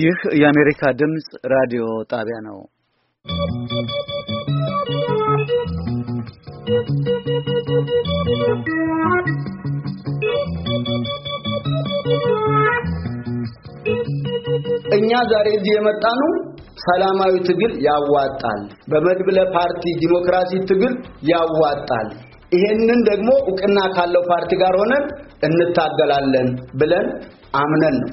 ይህ የአሜሪካ ድምፅ ራዲዮ ጣቢያ ነው። እኛ ዛሬ እዚህ የመጣ ነው ሰላማዊ ትግል ያዋጣል፣ በመድብለ ፓርቲ ዲሞክራሲ ትግል ያዋጣል። ይሄንን ደግሞ እውቅና ካለው ፓርቲ ጋር ሆነን እንታገላለን ብለን አምነን ነው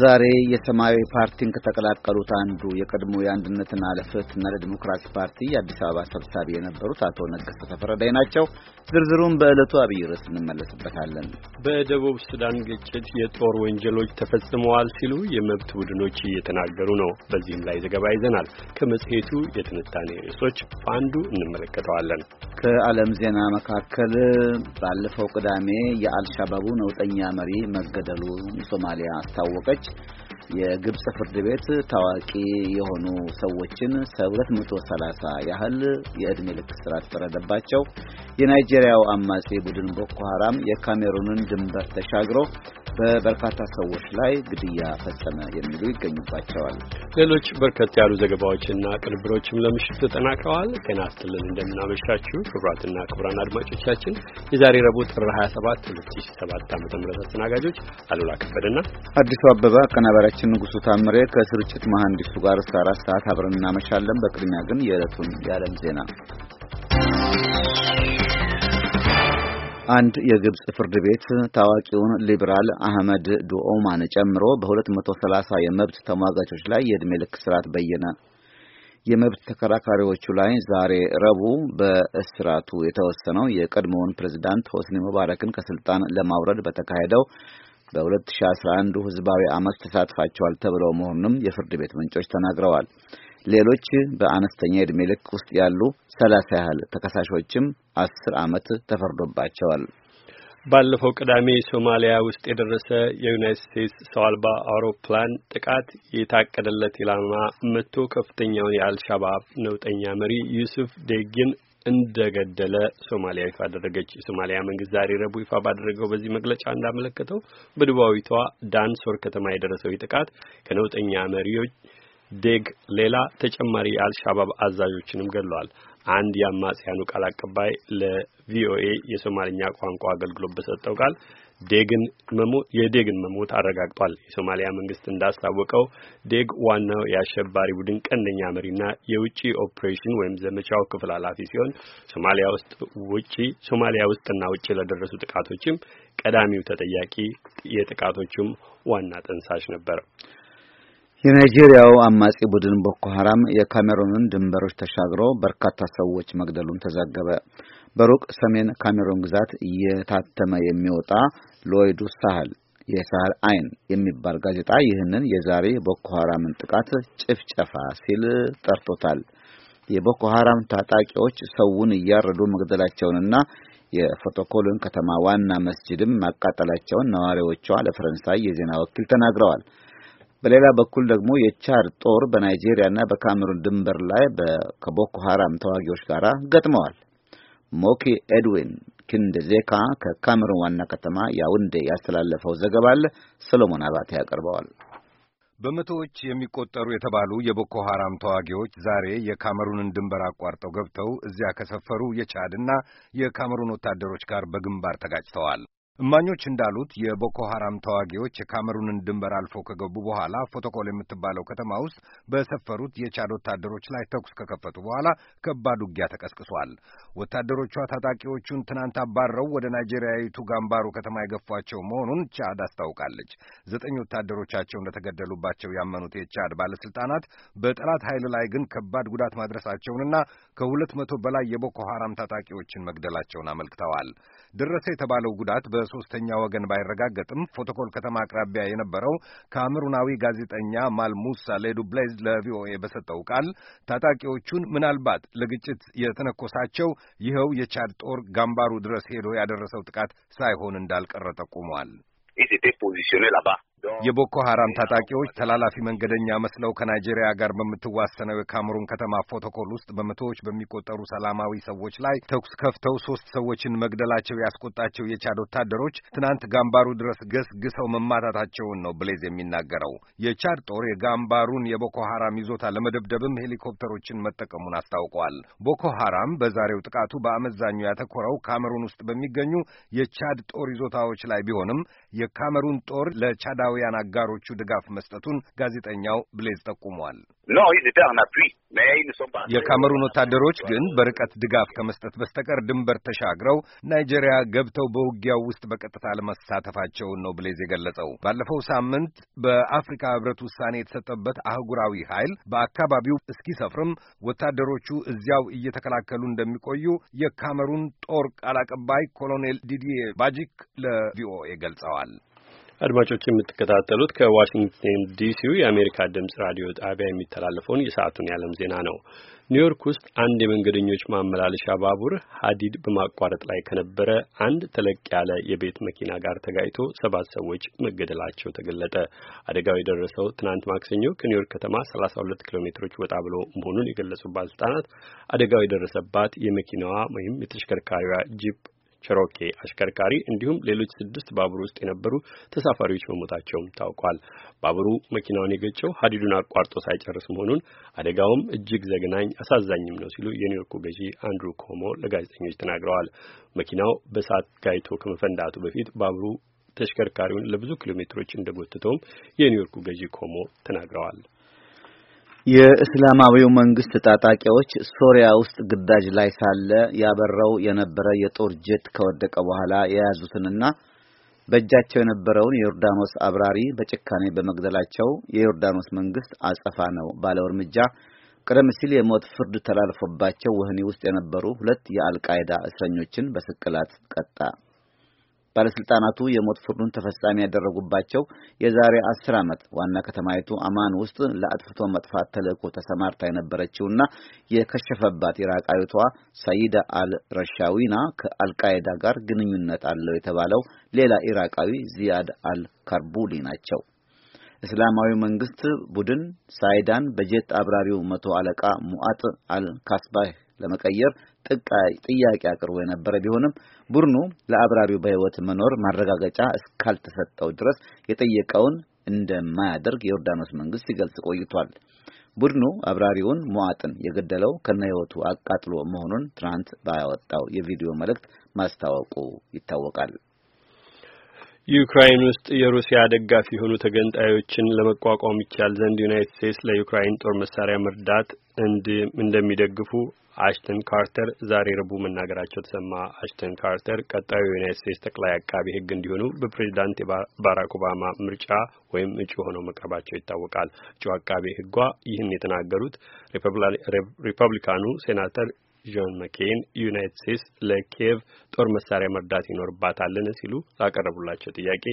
ዛሬ የሰማያዊ ፓርቲን ከተቀላቀሉት አንዱ የቀድሞ የአንድነትና ለፍትህና ለዲሞክራሲ ፓርቲ የአዲስ አበባ ሰብሳቢ የነበሩት አቶ ነገሰ ተፈረዳይ ናቸው። ዝርዝሩን በዕለቱ አብይ ርዕስ እንመለስበታለን። በደቡብ ሱዳን ግጭት የጦር ወንጀሎች ተፈጽመዋል ሲሉ የመብት ቡድኖች እየተናገሩ ነው። በዚህም ላይ ዘገባ ይዘናል። ከመጽሔቱ የትንታኔ ርዕሶች በአንዱ እንመለከተዋለን። ከዓለም ዜና መካከል ባለፈው ቅዳሜ የአልሻባቡ ነውጠኛ መሪ መገደሉ ሶማሊያ አስታወቀች። much የግብፅ ፍርድ ቤት ታዋቂ የሆኑ ሰዎችን 230 ያህል የእድሜ ልክ እስራት ፈረደባቸው። የናይጄሪያው አማጺ ቡድን ቦኮ ሀራም የካሜሩንን ድንበር ተሻግሮ በበርካታ ሰዎች ላይ ግድያ ፈጸመ የሚሉ ይገኙባቸዋል። ሌሎች በርከት ያሉ ዘገባዎችና ቅንብሮችም ለምሽት ተጠናቅረዋል። ጤና ይስጥልን እንደምናመሻችሁ ክቡራትና ክቡራን አድማጮቻችን የዛሬ ረቡዕ ጥር 27 2007 ዓ ም አስተናጋጆች አሉላ ከበደና አዲሱ አበባ አቀናባሪ ባልደረባችን ንጉሱ ታምሬ ከስርጭት መሐንዲሱ ጋር እስከ አራት ሰዓት አብረን እናመሻለን። በቅድሚያ ግን የዕለቱን የዓለም ዜና። አንድ የግብፅ ፍርድ ቤት ታዋቂውን ሊብራል አህመድ ዱኦማን ጨምሮ በ230 የመብት ተሟጋቾች ላይ የዕድሜ ልክ ስርዓት በየነ። የመብት ተከራካሪዎቹ ላይ ዛሬ ረቡዕ በእስራቱ የተወሰነው የቀድሞውን ፕሬዝዳንት ሆስኒ ሙባረክን ከስልጣን ለማውረድ በተካሄደው በ2011 ህዝባዊ አመፅ ተሳትፋቸዋል ተብለው መሆኑንም የፍርድ ቤት ምንጮች ተናግረዋል። ሌሎች በአነስተኛ ዕድሜ ልክ ውስጥ ያሉ ሰላሳ ያህል ተከሳሾችም አስር አመት ተፈርዶባቸዋል። ባለፈው ቅዳሜ ሶማሊያ ውስጥ የደረሰ የዩናይትድ ስቴትስ ሰው አልባ አውሮፕላን ጥቃት የታቀደለት ኢላማ መቶ ከፍተኛውን የአልሻባብ ነውጠኛ መሪ ዩሱፍ ዴጊን እንደገደለ ሶማሊያ ይፋ አደረገች። የሶማሊያ መንግስት ዛሬ ረቡዕ ይፋ ባደረገው በዚህ መግለጫ እንዳመለከተው በደቡባዊቷ ዳንሶር ከተማ የደረሰው ጥቃት ከነውጠኛ መሪዎች ዴግ ሌላ ተጨማሪ የአልሻባብ አዛዦችንም ገድሏል። አንድ የአማጽያኑ ቃል አቀባይ ለቪኦኤ የሶማልኛ ቋንቋ አገልግሎት በሰጠው ቃል ዴግን የዴግን መሞት አረጋግጧል። የሶማሊያ መንግስት እንዳስታወቀው ዴግ ዋናው የአሸባሪ ቡድን ቀንደኛ መሪና የውጭ ኦፕሬሽን ወይም ዘመቻው ክፍል ኃላፊ ሲሆን ሶማሊያ ውስጥ ውጪ ሶማሊያ ውስጥና ውጪ ለደረሱ ጥቃቶችም ቀዳሚው ተጠያቂ የጥቃቶቹም ዋና ጠንሳሽ ነበር። የናይጄሪያው አማጺ ቡድን ቦኮ ሐራም የካሜሩንን ድንበሮች ተሻግሮ በርካታ ሰዎች መግደሉን ተዘገበ። በሩቅ ሰሜን ካሜሩን ግዛት እየታተመ የሚወጣ ሎይዱ ሳህል የሳህል አይን የሚባል ጋዜጣ ይህንን የዛሬ ቦኮ ሐራምን ጥቃት ጭፍጨፋ ሲል ጠርቶታል። የቦኮ ሐራም ታጣቂዎች ሰውን እያረዱ መግደላቸውንና የፎቶኮልን ከተማ ዋና መስጅድም ማቃጠላቸውን ነዋሪዎቿ ለፈረንሳይ የዜና ወኪል ተናግረዋል። በሌላ በኩል ደግሞ የቻድ ጦር በናይጄሪያና በካሜሩን ድንበር ላይ ከቦኮ ሐራም ተዋጊዎች ጋር ገጥመዋል። ሞኪ ኤድዊን ዜካ ከካሜሩን ዋና ከተማ ያውንዴ ያስተላለፈው ዘገባ አለ። ሰሎሞን አባቴ ያቀርበዋል። በመቶዎች የሚቆጠሩ የተባሉ የቦኮ ሐራም ተዋጊዎች ዛሬ የካሜሩንን ድንበር አቋርጠው ገብተው እዚያ ከሰፈሩ የቻድና የካሜሩን ወታደሮች ጋር በግንባር ተጋጭተዋል። እማኞች እንዳሉት የቦኮ ሐራም ተዋጊዎች የካሜሩንን ድንበር አልፈው ከገቡ በኋላ ፎቶኮል የምትባለው ከተማ ውስጥ በሰፈሩት የቻድ ወታደሮች ላይ ተኩስ ከከፈቱ በኋላ ከባድ ውጊያ ተቀስቅሷል። ወታደሮቿ ታጣቂዎቹን ትናንት አባረው ወደ ናይጄሪያዊቱ ጋምባሩ ከተማ የገፏቸው መሆኑን ቻድ አስታውቃለች። ዘጠኝ ወታደሮቻቸው እንደተገደሉባቸው ያመኑት የቻድ ባለስልጣናት በጠላት ኃይል ላይ ግን ከባድ ጉዳት ማድረሳቸውንና ከሁለት መቶ በላይ የቦኮ ሐራም ታጣቂዎችን መግደላቸውን አመልክተዋል። ደረሰ የተባለው ጉዳት በሶስተኛ ወገን ባይረጋገጥም ፎቶኮል ከተማ አቅራቢያ የነበረው ካሜሩናዊ ጋዜጠኛ ማልሙሳ ሌዱ ብሌዝ ለቪኦኤ በሰጠው ቃል ታጣቂዎቹን ምናልባት ለግጭት የተነኮሳቸው ይኸው የቻድ ጦር ጋምባሩ ድረስ ሄዶ ያደረሰው ጥቃት ሳይሆን እንዳልቀረ ጠቁመዋል። የቦኮ ሐራም ታጣቂዎች ተላላፊ መንገደኛ መስለው ከናይጄሪያ ጋር በምትዋሰነው የካምሩን ከተማ ፎቶኮል ውስጥ በመቶዎች በሚቆጠሩ ሰላማዊ ሰዎች ላይ ተኩስ ከፍተው ሶስት ሰዎችን መግደላቸው ያስቆጣቸው የቻድ ወታደሮች ትናንት ጋምባሩ ድረስ ገስግሰው መማታታቸውን ነው ብሌዝ የሚናገረው። የቻድ ጦር የጋምባሩን የቦኮ ሐራም ይዞታ ለመደብደብም ሄሊኮፕተሮችን መጠቀሙን አስታውቀዋል። ቦኮ ሐራም በዛሬው ጥቃቱ በአመዛኙ ያተኮረው ካሜሩን ውስጥ በሚገኙ የቻድ ጦር ይዞታዎች ላይ ቢሆንም የካሜሩን ጦር ለቻዳዊ የአሜሪካውያን አጋሮቹ ድጋፍ መስጠቱን ጋዜጠኛው ብሌዝ ጠቁሟል። የካሜሩን ወታደሮች ግን በርቀት ድጋፍ ከመስጠት በስተቀር ድንበር ተሻግረው ናይጄሪያ ገብተው በውጊያው ውስጥ በቀጥታ ለመሳተፋቸውን ነው ብሌዝ የገለጸው። ባለፈው ሳምንት በአፍሪካ ሕብረት ውሳኔ የተሰጠበት አህጉራዊ ኃይል በአካባቢው እስኪሰፍርም ወታደሮቹ እዚያው እየተከላከሉ እንደሚቆዩ የካሜሩን ጦር ቃል አቀባይ ኮሎኔል ዲዲዬ ባጂክ ለቪኦኤ ገልጸዋል። አድማጮች የምትከታተሉት ከዋሽንግተን ዲሲው የአሜሪካ ድምጽ ራዲዮ ጣቢያ የሚተላለፈውን የሰዓቱን የዓለም ዜና ነው። ኒውዮርክ ውስጥ አንድ የመንገደኞች ማመላለሻ ባቡር ሀዲድ በማቋረጥ ላይ ከነበረ አንድ ተለቅ ያለ የቤት መኪና ጋር ተጋጭቶ ሰባት ሰዎች መገደላቸው ተገለጠ። አደጋው የደረሰው ትናንት ማክሰኞ ከኒውዮርክ ከተማ 32 ኪሎ ሜትሮች ወጣ ብሎ መሆኑን የገለጹ ባለስልጣናት አደጋው የደረሰባት የመኪናዋ ወይም የተሽከርካሪዋ ጂፕ ቸሮኬ አሽከርካሪ እንዲሁም ሌሎች ስድስት ባቡር ውስጥ የነበሩ ተሳፋሪዎች መሞታቸውም ታውቋል። ባቡሩ መኪናውን የገጨው ሀዲዱን አቋርጦ ሳይጨርስ መሆኑን አደጋውም እጅግ ዘግናኝ አሳዛኝም ነው ሲሉ የኒውዮርኩ ገዢ አንድሩ ኮሞ ለጋዜጠኞች ተናግረዋል። መኪናው በእሳት ጋይቶ ከመፈንዳቱ በፊት ባቡሩ ተሽከርካሪውን ለብዙ ኪሎ ሜትሮች እንደጎተተውም የኒውዮርኩ ገዢ ኮሞ ተናግረዋል። የእስላማዊው መንግስት ታጣቂዎች ሶሪያ ውስጥ ግዳጅ ላይ ሳለ ያበራው የነበረ የጦር ጀት ከወደቀ በኋላ የያዙትንና በእጃቸው የነበረውን የዮርዳኖስ አብራሪ በጭካኔ በመግደላቸው የዮርዳኖስ መንግስት አጸፋ ነው ባለው እርምጃ ቀደም ሲል የሞት ፍርድ ተላልፎባቸው ወህኒ ውስጥ የነበሩ ሁለት የአልቃይዳ እስረኞችን በስቅላት ቀጣ። ባለስልጣናቱ የሞት ፍርዱን ተፈጻሚ ያደረጉባቸው የዛሬ አስር ዓመት ዋና ከተማይቱ አማን ውስጥ ለአጥፍቶ መጥፋት ተልዕኮ ተሰማርታ የነበረችውና የከሸፈባት ኢራቃዊቷ ሰይዳ አል ረሻዊና ከአልቃይዳ ጋር ግንኙነት አለው የተባለው ሌላ ኢራቃዊ ዚያድ አል ካርቡሊ ናቸው። እስላማዊ መንግስት ቡድን ሳይዳን በጀት አብራሪው መቶ አለቃ ሙአጥ ካስባህ ለመቀየር ጥያቄ አቅርቦ የነበረ ቢሆንም ቡድኑ ለአብራሪው በሕይወት መኖር ማረጋገጫ እስካልተሰጠው ድረስ የጠየቀውን እንደማያደርግ የዮርዳኖስ መንግስት ሲገልጽ ቆይቷል። ቡድኑ አብራሪውን ሙዋጥን የገደለው ከነህይወቱ አቃጥሎ መሆኑን ትናንት ባያወጣው የቪዲዮ መልእክት ማስታወቁ ይታወቃል። ዩክራይን ውስጥ የሩሲያ ደጋፊ የሆኑ ተገንጣዮችን ለመቋቋም ይቻል ዘንድ ዩናይትድ ስቴትስ ለዩክራይን ጦር መሳሪያ መርዳት እንደሚደግፉ አሽተን ካርተር ዛሬ ረቡዕ መናገራቸው ተሰማ። አሽተን ካርተር ቀጣዩ የዩናይት ስቴትስ ጠቅላይ አቃቢ ሕግ እንዲሆኑ በፕሬዚዳንት ባራክ ኦባማ ምርጫ ወይም እጩ ሆነው መቅረባቸው ይታወቃል። እጩ አቃቢ ሕጓ ይህን የተናገሩት ሪፐብሊካኑ ሴናተር ጆን መኬን ዩናይትድ ስቴትስ ለኪየቭ ጦር መሳሪያ መርዳት ይኖርባታልን ሲሉ ላቀረቡላቸው ጥያቄ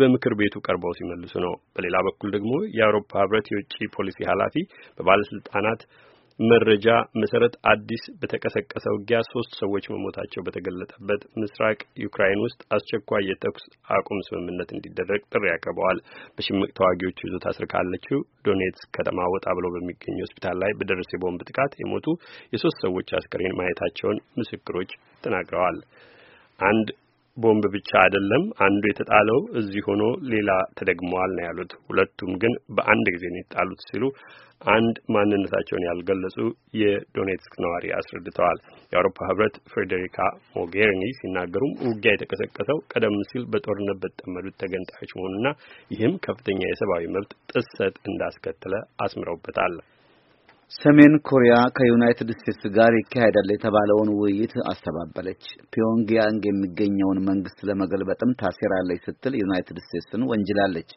በምክር ቤቱ ቀርበው ሲመልሱ ነው። በሌላ በኩል ደግሞ የአውሮፓ ህብረት የውጭ ፖሊሲ ኃላፊ በባለስልጣናት መረጃ መሰረት አዲስ በተቀሰቀሰ ውጊያ ሶስት ሰዎች መሞታቸው በተገለጠበት ምስራቅ ዩክራይን ውስጥ አስቸኳይ የተኩስ አቁም ስምምነት እንዲደረግ ጥሪ ያቀርበዋል። በሽምቅ ተዋጊዎቹ ይዞታ ስር ካለችው ዶኔትስክ ከተማ ወጣ ብሎ በሚገኝ ሆስፒታል ላይ በደረሰ የቦምብ ጥቃት የሞቱ የሶስት ሰዎች አስከሬን ማየታቸውን ምስክሮች ተናግረዋል። አንድ ቦምብ ብቻ አይደለም አንዱ የተጣለው እዚህ ሆኖ ሌላ ተደግመዋል ነው ያሉት። ሁለቱም ግን በአንድ ጊዜ ነው የተጣሉት ሲሉ አንድ ማንነታቸውን ያልገለጹ የዶኔትስክ ነዋሪ አስረድተዋል። የአውሮፓ ህብረት ፍሬዴሪካ ሞጌሪኒ ሲናገሩም ውጊያ የተቀሰቀሰው ቀደም ሲል በጦርነት በተጠመዱት ተገንጣዮች መሆኑና ይህም ከፍተኛ የሰብአዊ መብት ጥሰት እንዳስከተለ አስምረውበታል። ሰሜን ኮሪያ ከዩናይትድ ስቴትስ ጋር ይካሄዳል የተባለውን ውይይት አስተባበለች። ፒዮንግያንግ የሚገኘውን መንግስት ለመገልበጥም ታሴራለች ስትል ዩናይትድ ስቴትስን ወንጅላለች።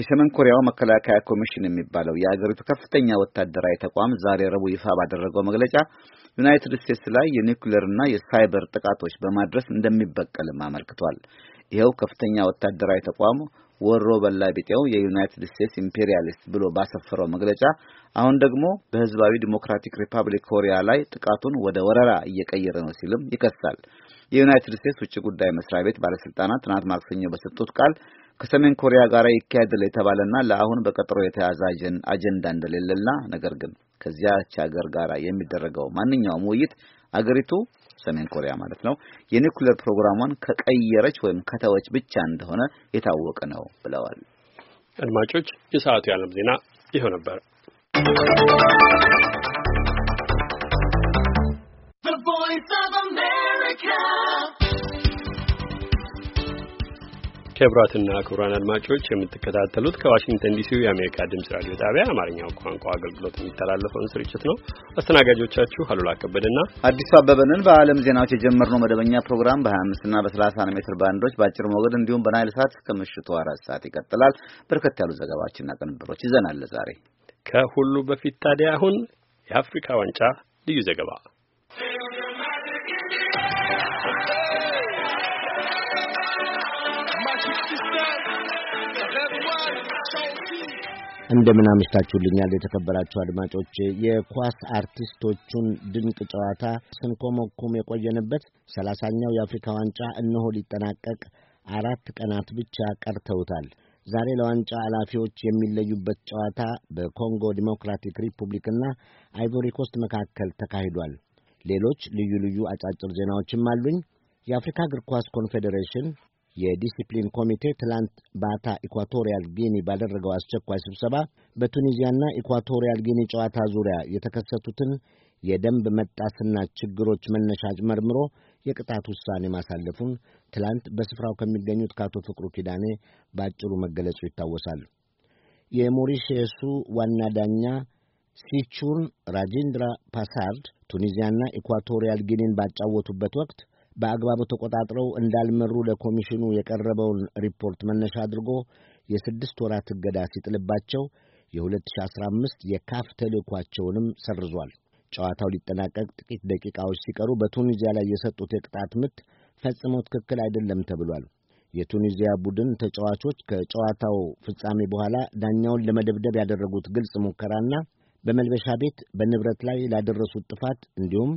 የሰሜን ኮሪያው መከላከያ ኮሚሽን የሚባለው የአገሪቱ ከፍተኛ ወታደራዊ ተቋም ዛሬ ረቡዕ ይፋ ባደረገው መግለጫ ዩናይትድ ስቴትስ ላይ የኒውክሌርና የሳይበር ጥቃቶች በማድረስ እንደሚበቀልም አመልክቷል። ይኸው ከፍተኛ ወታደራዊ ተቋም ወሮ በላ ቢጤው የዩናይትድ ስቴትስ ኢምፔሪያሊስት ብሎ ባሰፈረው መግለጫ አሁን ደግሞ በህዝባዊ ዲሞክራቲክ ሪፐብሊክ ኮሪያ ላይ ጥቃቱን ወደ ወረራ እየቀየረ ነው ሲልም ይከሳል። የዩናይትድ ስቴትስ ውጭ ጉዳይ መስሪያ ቤት ባለስልጣናት ትናንት ማክሰኞ በሰጡት ቃል ከሰሜን ኮሪያ ጋር ይካሄድል የተባለና ለአሁን በቀጠሮ የተያዘ አጀንዳ እንደሌለና ነገር ግን ከዚያች ሀገር ጋር የሚደረገው ማንኛውም ውይይት አገሪቱ ሰሜን ኮሪያ ማለት ነው የኒኩሌር ፕሮግራሟን ከቀየረች ወይም ከተወች ብቻ እንደሆነ የታወቀ ነው ብለዋል። አድማጮች፣ የሰዓቱ የዓለም ዜና ይኸው ነበር። The Voice of America ክቡራትና ክቡራን አድማጮች የምትከታተሉት ከዋሽንግተን ዲሲ የአሜሪካ ድምጽ ራዲዮ ጣቢያ አማርኛው ቋንቋ አገልግሎት የሚተላለፈውን ስርጭት ነው። አስተናጋጆቻችሁ አሉላ ከበደና አዲሱ አበበንን በዓለም ዜናዎች የጀመርነው መደበኛ ፕሮግራም በ 25 እና በ30 ሜትር ባንዶች በአጭር ሞገድ እንዲሁም በናይል ሰዓት እስከ ምሽቱ አራት ሰዓት ይቀጥላል። በርከት ያሉ ዘገባዎችና ቅንብሮች ይዘናል ዛሬ። ከሁሉ በፊት ታዲያ አሁን የአፍሪካ ዋንጫ ልዩ ዘገባ እንደምን አምሽታችሁልኛል የተከበራችሁ አድማጮች። የኳስ አርቲስቶቹን ድንቅ ጨዋታ ስንኮመኩም የቆየንበት ሰላሳኛው የአፍሪካ ዋንጫ እነሆ ሊጠናቀቅ አራት ቀናት ብቻ ቀርተውታል። ዛሬ ለዋንጫ ኃላፊዎች የሚለዩበት ጨዋታ በኮንጎ ዲሞክራቲክ ሪፑብሊክና አይቮሪ ኮስት መካከል ተካሂዷል። ሌሎች ልዩ ልዩ አጫጭር ዜናዎችም አሉኝ። የአፍሪካ እግር ኳስ ኮንፌዴሬሽን የዲሲፕሊን ኮሚቴ ትላንት ባታ ኢኳቶሪያል ጊኒ ባደረገው አስቸኳይ ስብሰባ በቱኒዚያና ኢኳቶሪያል ጊኒ ጨዋታ ዙሪያ የተከሰቱትን የደንብ መጣስና ችግሮች መነሻ መርምሮ የቅጣት ውሳኔ ማሳለፉን ትላንት በስፍራው ከሚገኙት ከአቶ ፍቅሩ ኪዳኔ በአጭሩ መገለጹ ይታወሳል። የሞሪሼሱ ዋና ዳኛ ሲቹን ራጂንድራ ፓሳርድ ቱኒዚያና ኢኳቶሪያል ጊኒን ባጫወቱበት ወቅት በአግባቡ ተቆጣጥረው እንዳልመሩ ለኮሚሽኑ የቀረበውን ሪፖርት መነሻ አድርጎ የስድስት ወራት እገዳ ሲጥልባቸው የ2015 የካፍ ተልእኳቸውንም ሰርዟል። ጨዋታው ሊጠናቀቅ ጥቂት ደቂቃዎች ሲቀሩ በቱኒዚያ ላይ የሰጡት የቅጣት ምት ፈጽሞ ትክክል አይደለም ተብሏል። የቱኒዚያ ቡድን ተጫዋቾች ከጨዋታው ፍጻሜ በኋላ ዳኛውን ለመደብደብ ያደረጉት ግልጽ ሙከራና በመልበሻ ቤት በንብረት ላይ ላደረሱት ጥፋት እንዲሁም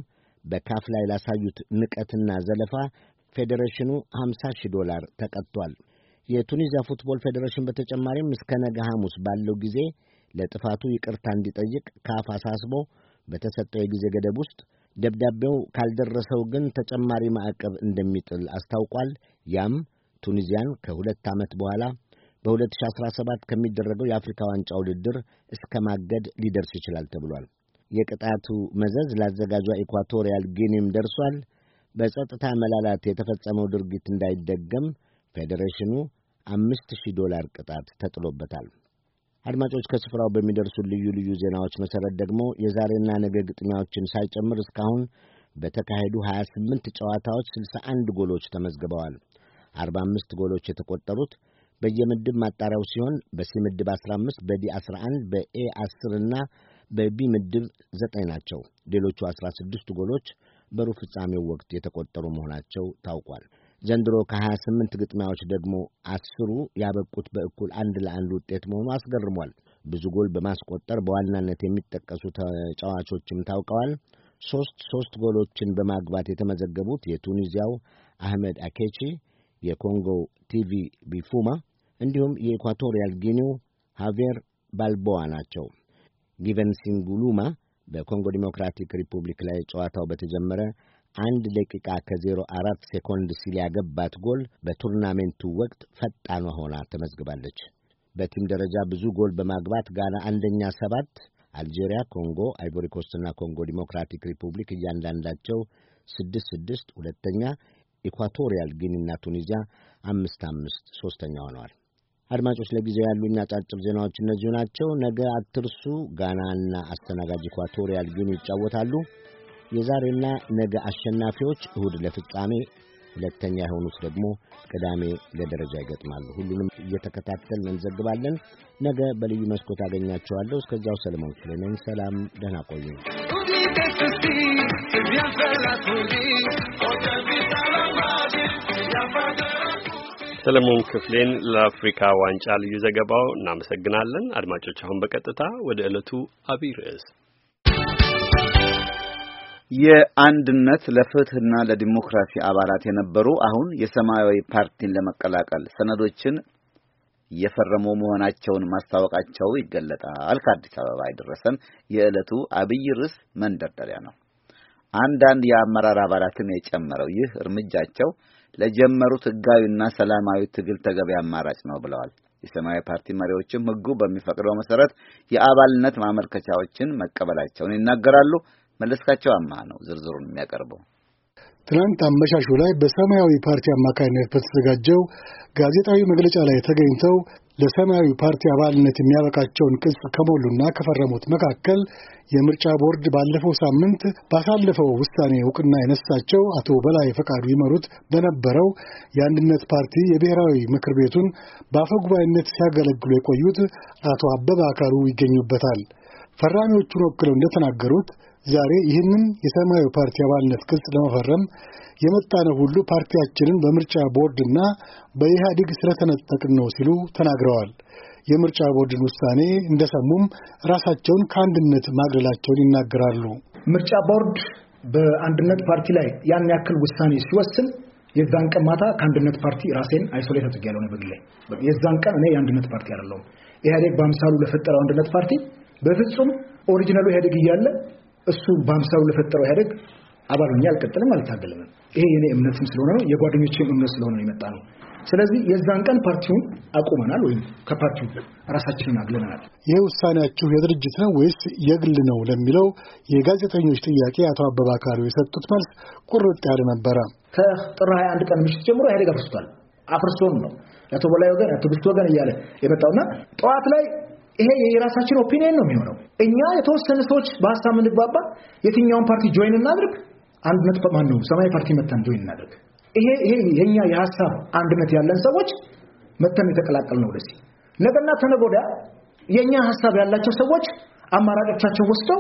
በካፍ ላይ ላሳዩት ንቀትና ዘለፋ ፌዴሬሽኑ 50 ሺህ ዶላር ተቀጥቷል። የቱኒዚያ ፉትቦል ፌዴሬሽን በተጨማሪም እስከ ነገ ሐሙስ ባለው ጊዜ ለጥፋቱ ይቅርታ እንዲጠይቅ ካፍ አሳስቦ በተሰጠው የጊዜ ገደብ ውስጥ ደብዳቤው ካልደረሰው ግን ተጨማሪ ማዕቀብ እንደሚጥል አስታውቋል። ያም ቱኒዚያን ከሁለት ዓመት በኋላ በ2017 ከሚደረገው የአፍሪካ ዋንጫ ውድድር እስከ ማገድ ሊደርስ ይችላል ተብሏል። የቅጣቱ መዘዝ ለአዘጋጇ ኢኳቶሪያል ጊኒም ደርሷል። በጸጥታ መላላት የተፈጸመው ድርጊት እንዳይደገም ፌዴሬሽኑ አምስት ሺህ ዶላር ቅጣት ተጥሎበታል። አድማጮች ከስፍራው በሚደርሱ ልዩ ልዩ ዜናዎች መሠረት ደግሞ የዛሬና ነገ ግጥሚያዎችን ሳይጨምር እስካሁን በተካሄዱ 28 ጨዋታዎች 61 ጎሎች ተመዝግበዋል። 45 ጎሎች የተቆጠሩት በየምድብ ማጣሪያው ሲሆን በሲምድብ 15፣ በዲ 11፣ በኤ 10 እና በቢ ምድብ ዘጠኝ ናቸው። ሌሎቹ አስራ ስድስት ጎሎች በሩብ ፍጻሜው ወቅት የተቆጠሩ መሆናቸው ታውቋል። ዘንድሮ ከሀያ ስምንት ግጥሚያዎች ደግሞ አስሩ ያበቁት በእኩል አንድ ለአንድ ውጤት መሆኑ አስገርሟል። ብዙ ጎል በማስቆጠር በዋናነት የሚጠቀሱ ተጫዋቾችም ታውቀዋል። ሶስት ሶስት ጎሎችን በማግባት የተመዘገቡት የቱኒዚያው አህመድ አኬቺ፣ የኮንጎ ቲቪ ቢፉማ እንዲሁም የኢኳቶሪያል ጊኒው ሃቬር ባልቦዋ ናቸው። ጊቨን ሲንጉሉማ በኮንጎ ዲሞክራቲክ ሪፑብሊክ ላይ ጨዋታው በተጀመረ አንድ ደቂቃ ከዜሮ አራት ሴኮንድ ሲል ያገባት ጎል በቱርናሜንቱ ወቅት ፈጣኗ ሆና ተመዝግባለች። በቲም ደረጃ ብዙ ጎል በማግባት ጋና አንደኛ ሰባት፣ አልጄሪያ፣ ኮንጎ አይቮሪኮስትና ኮንጎ ዲሞክራቲክ ሪፑብሊክ እያንዳንዳቸው ስድስት ስድስት ሁለተኛ፣ ኢኳቶሪያል ጊኒና ቱኒዚያ አምስት አምስት ሦስተኛ ሆነዋል። አድማጮች፣ ለጊዜው ያሉኝ አጫጭር ዜናዎች እነዚሁ ናቸው። ነገ አትርሱ፣ ጋናና አስተናጋጅ ኢኳቶሪያል ጊኒ ይጫወታሉ። የዛሬና ነገ አሸናፊዎች እሁድ ለፍጻሜ ሁለተኛ የሆኑት ደግሞ ቅዳሜ ለደረጃ ይገጥማሉ። ሁሉንም እየተከታተል እንዘግባለን። ነገ በልዩ መስኮት አገኛቸዋለሁ። እስከዚያው ሰለሞን ክፍሌ ነኝ። ሰላም፣ ደህና ቆዩ። ሰለሞን ክፍሌን ለአፍሪካ ዋንጫ ልዩ ዘገባው እናመሰግናለን። አድማጮች፣ አሁን በቀጥታ ወደ ዕለቱ አብይ ርዕስ የአንድነት ለፍትህና ለዲሞክራሲ አባላት የነበሩ አሁን የሰማያዊ ፓርቲን ለመቀላቀል ሰነዶችን እየፈረሙ መሆናቸውን ማስታወቃቸው ይገለጣል። ከአዲስ አበባ የደረሰን የዕለቱ አብይ ርዕስ መንደርደሪያ ነው። አንዳንድ የአመራር አባላትን የጨመረው ይህ እርምጃቸው ለጀመሩት ህጋዊና ሰላማዊ ትግል ተገቢ አማራጭ ነው ብለዋል። የሰማያዊ ፓርቲ መሪዎችም ሕጉ በሚፈቅደው መሰረት የአባልነት ማመልከቻዎችን መቀበላቸውን ይናገራሉ። መለስካቸው አማ ነው ዝርዝሩን የሚያቀርበው። ትናንት አመሻሹ ላይ በሰማያዊ ፓርቲ አማካኝነት በተዘጋጀው ጋዜጣዊ መግለጫ ላይ ተገኝተው ለሰማያዊ ፓርቲ አባልነት የሚያበቃቸውን ቅጽ ከሞሉና ከፈረሙት መካከል የምርጫ ቦርድ ባለፈው ሳምንት ባሳለፈው ውሳኔ እውቅና የነሳቸው አቶ በላይ ፈቃዱ ይመሩት በነበረው የአንድነት ፓርቲ የብሔራዊ ምክር ቤቱን በአፈጉባኤነት ሲያገለግሉ የቆዩት አቶ አበበ አካሉ ይገኙበታል። ፈራሚዎቹን ወክለው እንደተናገሩት ዛሬ ይህንን የሰማያዊ ፓርቲ አባልነት ቅጽ ለመፈረም የመጣነው ሁሉ ፓርቲያችንን በምርጫ ቦርድና በኢህአዴግ ስለተነጠቅን ነው ሲሉ ተናግረዋል። የምርጫ ቦርድን ውሳኔ እንደሰሙም ራሳቸውን ከአንድነት ማግለላቸውን ይናገራሉ። ምርጫ ቦርድ በአንድነት ፓርቲ ላይ ያን ያክል ውሳኔ ሲወስን የዛን ቀን ማታ ከአንድነት ፓርቲ ራሴን አይሶሌት አድርጌያለሁ። ነው በግሌ የዛን ቀን እኔ የአንድነት ፓርቲ አይደለሁም። ኢህአዴግ በአምሳሉ ለፈጠረው አንድነት ፓርቲ በፍጹም ኦሪጂናሉ ኢህአዴግ እያለ እሱ በአምሳው ለፈጠረው ኢህአዴግ አባል ሆኜ አልቀጥልም፣ አልታገልም። ይሄ የኔ እምነትም ስለሆነ ነው፣ የጓደኞቼም እምነት ስለሆነ ነው የመጣ ነው። ስለዚህ የዛን ቀን ፓርቲውን አቁመናል ወይም ከፓርቲው ራሳችንን አግለናል። ይህ ውሳኔያችሁ የድርጅት ነው ወይስ የግል ነው ለሚለው የጋዜጠኞች ጥያቄ አቶ አበባ ካሪው የሰጡት መልስ ቁርጥ ያለ ነበረ። ከጥር 21 ቀን ምሽት ጀምሮ ኢህአዴግ አፍርሷል። አፍርሶም ነው ለአቶ በላይ ወገን፣ አቶ ብስት ወገን እያለ የመጣውና ጠዋት ላይ ይሄ የራሳችን ኦፒኒየን ነው የሚሆነው። እኛ የተወሰነ ሰዎች በሀሳብ እንግባባ፣ የትኛውን ፓርቲ ጆይን እናድርግ፣ አንድነት ማን ነው ሰማያዊ ፓርቲ መተን ጆይን እናድርግ። ይሄ ይሄ የኛ የሀሳብ አንድነት ያለን ሰዎች መተን የተቀላቀል ነው። ለዚህ ነገና ተነጎዳ የኛ ሀሳብ ያላቸው ሰዎች አማራጮቻቸው ወስደው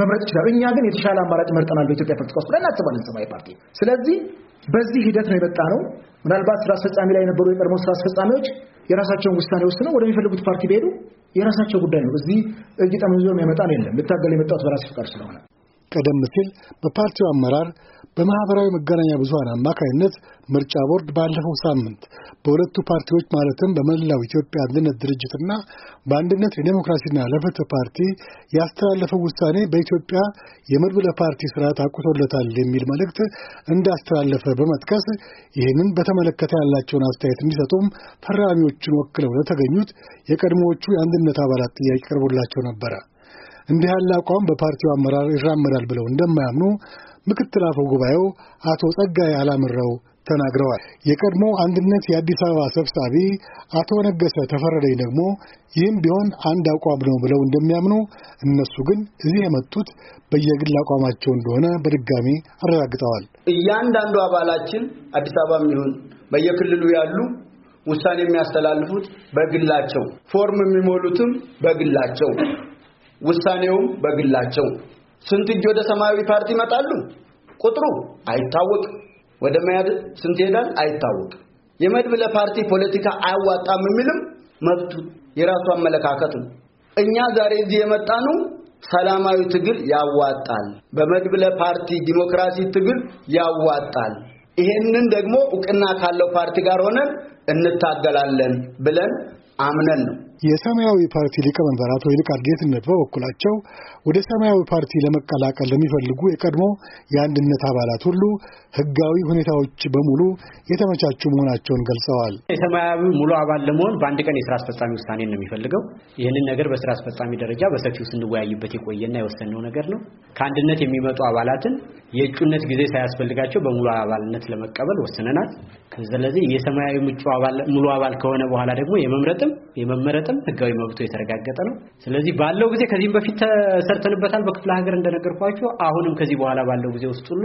መምረጥ ይችላሉ። እኛ ግን የተሻለ አማራጭ መርጠናል በኢትዮጵያ ፖለቲካ ውስጥ ብለን እናስባለን ሰማያዊ ፓርቲ። ስለዚህ በዚህ ሂደት ነው የመጣ ነው። ምናልባት ስራ አስፈጻሚ ላይ የነበሩ የቀድሞ ስራ አስፈጻሚዎች የራሳቸውን ውሳኔ ወስነው ወደሚፈልጉት ፓርቲ ቢሄዱ የራሳቸው ጉዳይ ነው። እዚህ እጅ ጠምዞ የሚያመጣን የለም። ልታገል የመጣሁት በራሴ ፍቃድ ስለሆነ ቀደም ሲል በፓርቲው አመራር በማህበራዊ መገናኛ ብዙሀን አማካይነት ምርጫ ቦርድ ባለፈው ሳምንት በሁለቱ ፓርቲዎች ማለትም በመላው ኢትዮጵያ አንድነት ድርጅትና በአንድነት ለዲሞክራሲና ለፍትህ ፓርቲ ያስተላለፈው ውሳኔ በኢትዮጵያ የመድብለ ፓርቲ ስርዓት አቁቶለታል የሚል መልእክት እንዳስተላለፈ በመጥቀስ ይህንን በተመለከተ ያላቸውን አስተያየት እንዲሰጡም ፈራሚዎቹን ወክለው ለተገኙት የቀድሞዎቹ የአንድነት አባላት ጥያቄ ቀርቦላቸው ነበረ። እንዲህ ያለ አቋም በፓርቲው አመራር ይራመዳል ብለው እንደማያምኑ ምክትል አፈ ጉባኤው አቶ ጸጋዬ አላምረው ተናግረዋል። የቀድሞ አንድነት የአዲስ አበባ ሰብሳቢ አቶ ነገሰ ተፈረደኝ ደግሞ ይህም ቢሆን አንድ አቋም ነው ብለው እንደሚያምኑ እነሱ ግን እዚህ የመጡት በየግል አቋማቸው እንደሆነ በድጋሚ አረጋግጠዋል። እያንዳንዱ አባላችን አዲስ አበባ የሚሆን በየክልሉ ያሉ ውሳኔ የሚያስተላልፉት በግላቸው፣ ፎርም የሚሞሉትም በግላቸው፣ ውሳኔውም በግላቸው። ስንት እጅ ወደ ሰማያዊ ፓርቲ ይመጣሉ ቁጥሩ አይታወቅም። ወደ መያድ ስንት ይሄዳል አይታወቅም። የመድብለ ፓርቲ ፖለቲካ አያዋጣም የሚልም መብቱ የራሱ አመለካከት ነው። እኛ ዛሬ እዚህ የመጣነው ሰላማዊ ትግል ያዋጣል፣ በመድብለ ፓርቲ ዲሞክራሲ ትግል ያዋጣል፣ ይሄንን ደግሞ እውቅና ካለው ፓርቲ ጋር ሆነን እንታገላለን ብለን አምነን ነው። የሰማያዊ ፓርቲ ሊቀመንበር አቶ ይልቃል ጌትነት በበኩላቸው ወደ ሰማያዊ ፓርቲ ለመቀላቀል ለሚፈልጉ የቀድሞ የአንድነት አባላት ሁሉ ሕጋዊ ሁኔታዎች በሙሉ የተመቻቹ መሆናቸውን ገልጸዋል። የሰማያዊ ሙሉ አባል ለመሆን በአንድ ቀን የስራ አስፈጻሚ ውሳኔ ነው የሚፈልገው። ይህንን ነገር በስራ አስፈጻሚ ደረጃ በሰፊው ስንወያይበት የቆየና የወሰንነው ነገር ነው። ከአንድነት የሚመጡ አባላትን የእጩነት ጊዜ ሳያስፈልጋቸው በሙሉ አባልነት ለመቀበል ወስነናል። ስለዚህ የሰማያዊ ሙሉ አባል ከሆነ በኋላ ደግሞ የመምረጥም የመመረጥም አይሰጥም። ህጋዊ መብቶ የተረጋገጠ ነው። ስለዚህ ባለው ጊዜ ከዚህም በፊት ተሰርተንበታል በክፍለ ሀገር እንደነገርኳችሁ። አሁንም ከዚህ በኋላ ባለው ጊዜ ውስጥ ሁሉ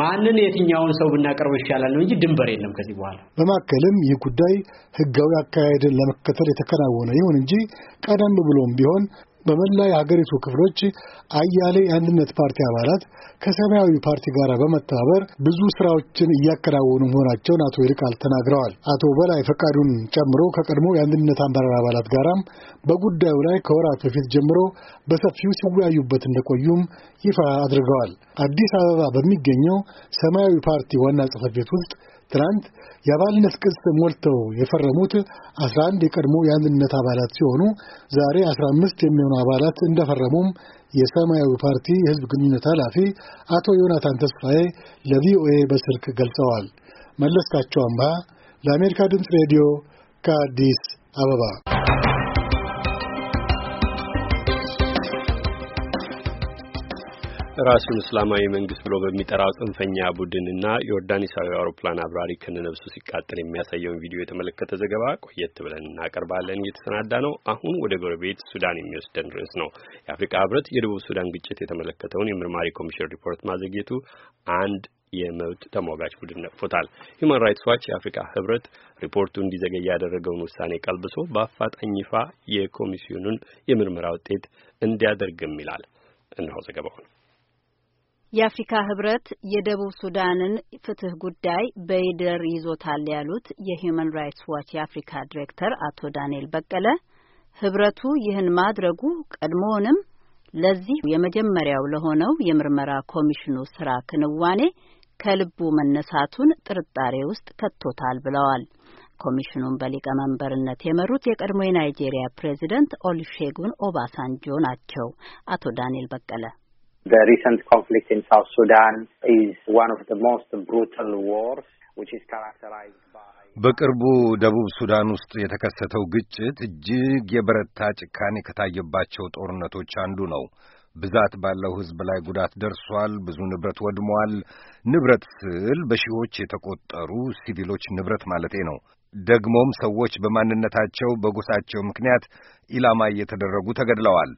ማንን የትኛውን ሰው ብናቀርብ ይሻላል ነው እንጂ ድንበር የለም ከዚህ በኋላ። በማከልም ይህ ጉዳይ ህጋዊ አካሄድን ለመከተል የተከናወነ ይሁን እንጂ ቀደም ብሎም ቢሆን በመላ የሀገሪቱ ክፍሎች አያሌ የአንድነት ፓርቲ አባላት ከሰማያዊ ፓርቲ ጋር በመተባበር ብዙ ስራዎችን እያከናወኑ መሆናቸውን አቶ ይልቃል ተናግረዋል። አቶ በላይ ፈቃዱን ጨምሮ ከቀድሞ የአንድነት አመራር አባላት ጋራም በጉዳዩ ላይ ከወራት በፊት ጀምሮ በሰፊው ሲወያዩበት እንደቆዩም ይፋ አድርገዋል። አዲስ አበባ በሚገኘው ሰማያዊ ፓርቲ ዋና ጽህፈት ቤት ውስጥ ትናንት የአባልነት ቅጽ ሞልተው የፈረሙት 11 የቀድሞ የአንድነት አባላት ሲሆኑ ዛሬ 15 የሚሆኑ አባላት እንደፈረሙም የሰማያዊ ፓርቲ የህዝብ ግንኙነት ኃላፊ አቶ ዮናታን ተስፋዬ ለቪኦኤ በስልክ ገልጸዋል። መለስካቸው አምሃ ለአሜሪካ ድምፅ ሬዲዮ ከአዲስ አበባ ራሱን እስላማዊ መንግስት ብሎ በሚጠራው ጽንፈኛ ቡድንና ዮርዳኒሳዊ አውሮፕላን አብራሪ ከነነብሱ ሲቃጠል የሚያሳየውን ቪዲዮ የተመለከተ ዘገባ ቆየት ብለን እናቀርባለን። እየተሰናዳ ነው። አሁን ወደ ጎረቤት ሱዳን የሚወስደን ርዕስ ነው። የአፍሪካ ህብረት የደቡብ ሱዳን ግጭት የተመለከተውን የምርማሪ ኮሚሽን ሪፖርት ማዘግየቱ አንድ የመብት ተሟጋች ቡድን ነቅፎታል። ሂዩማን ራይትስ ዋች የአፍሪካ ህብረት ሪፖርቱ እንዲዘገይ ያደረገውን ውሳኔ ቀልብሶ በአፋጣኝ ይፋ የኮሚሽኑን የምርመራ ውጤት እንዲያደርግም ይላል። እነሆ ዘገባውን የአፍሪካ ህብረት የደቡብ ሱዳንን ፍትህ ጉዳይ በይደር ይዞታል ያሉት የሂዩማን ራይትስ ዋች የአፍሪካ ዲሬክተር አቶ ዳንኤል በቀለ ህብረቱ ይህን ማድረጉ ቀድሞውንም ለዚህ የመጀመሪያው ለሆነው የምርመራ ኮሚሽኑ ስራ ክንዋኔ ከልቡ መነሳቱን ጥርጣሬ ውስጥ ከቶታል ብለዋል። ኮሚሽኑን በሊቀመንበርነት የመሩት የቀድሞ የናይጄሪያ ፕሬዚደንት ኦልሼጉን ኦባሳንጆ ናቸው። አቶ ዳንኤል በቀለ በቅርቡ ደቡብ ሱዳን ውስጥ የተከሰተው ግጭት እጅግ የበረታ ጭካኔ ከታየባቸው ጦርነቶች አንዱ ነው። ብዛት ባለው ሕዝብ ላይ ጉዳት ደርሷል። ብዙ ንብረት ወድሟል። ንብረት ስል በሺዎች የተቆጠሩ ሲቪሎች ንብረት ማለቴ ነው። ደግሞም ሰዎች በማንነታቸው፣ በጎሳቸው ምክንያት ኢላማ እየተደረጉ ተገድለዋል።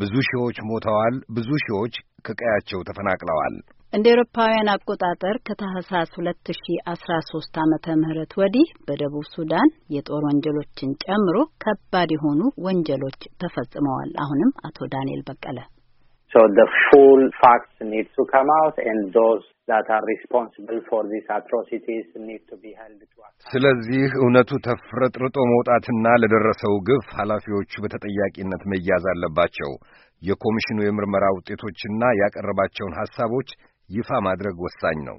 ብዙ ሺዎች ሞተዋል። ብዙ ሺዎች ከቀያቸው ተፈናቅለዋል። እንደ ኤሮፓውያን አቆጣጠር ከታህሳስ 2013 ዓመተ ምህረት ወዲህ በደቡብ ሱዳን የጦር ወንጀሎችን ጨምሮ ከባድ የሆኑ ወንጀሎች ተፈጽመዋል። አሁንም አቶ ዳንኤል በቀለ So the full facts need to come out and those that are responsible for these atrocities need to be held to account። ስለዚህ እውነቱ ተፍረጥርጦ መውጣትና ለደረሰው ግፍ ኃላፊዎቹ በተጠያቂነት መያዝ አለባቸው። የኮሚሽኑ የምርመራ ውጤቶችና ያቀረባቸውን ሐሳቦች ይፋ ማድረግ ወሳኝ ነው።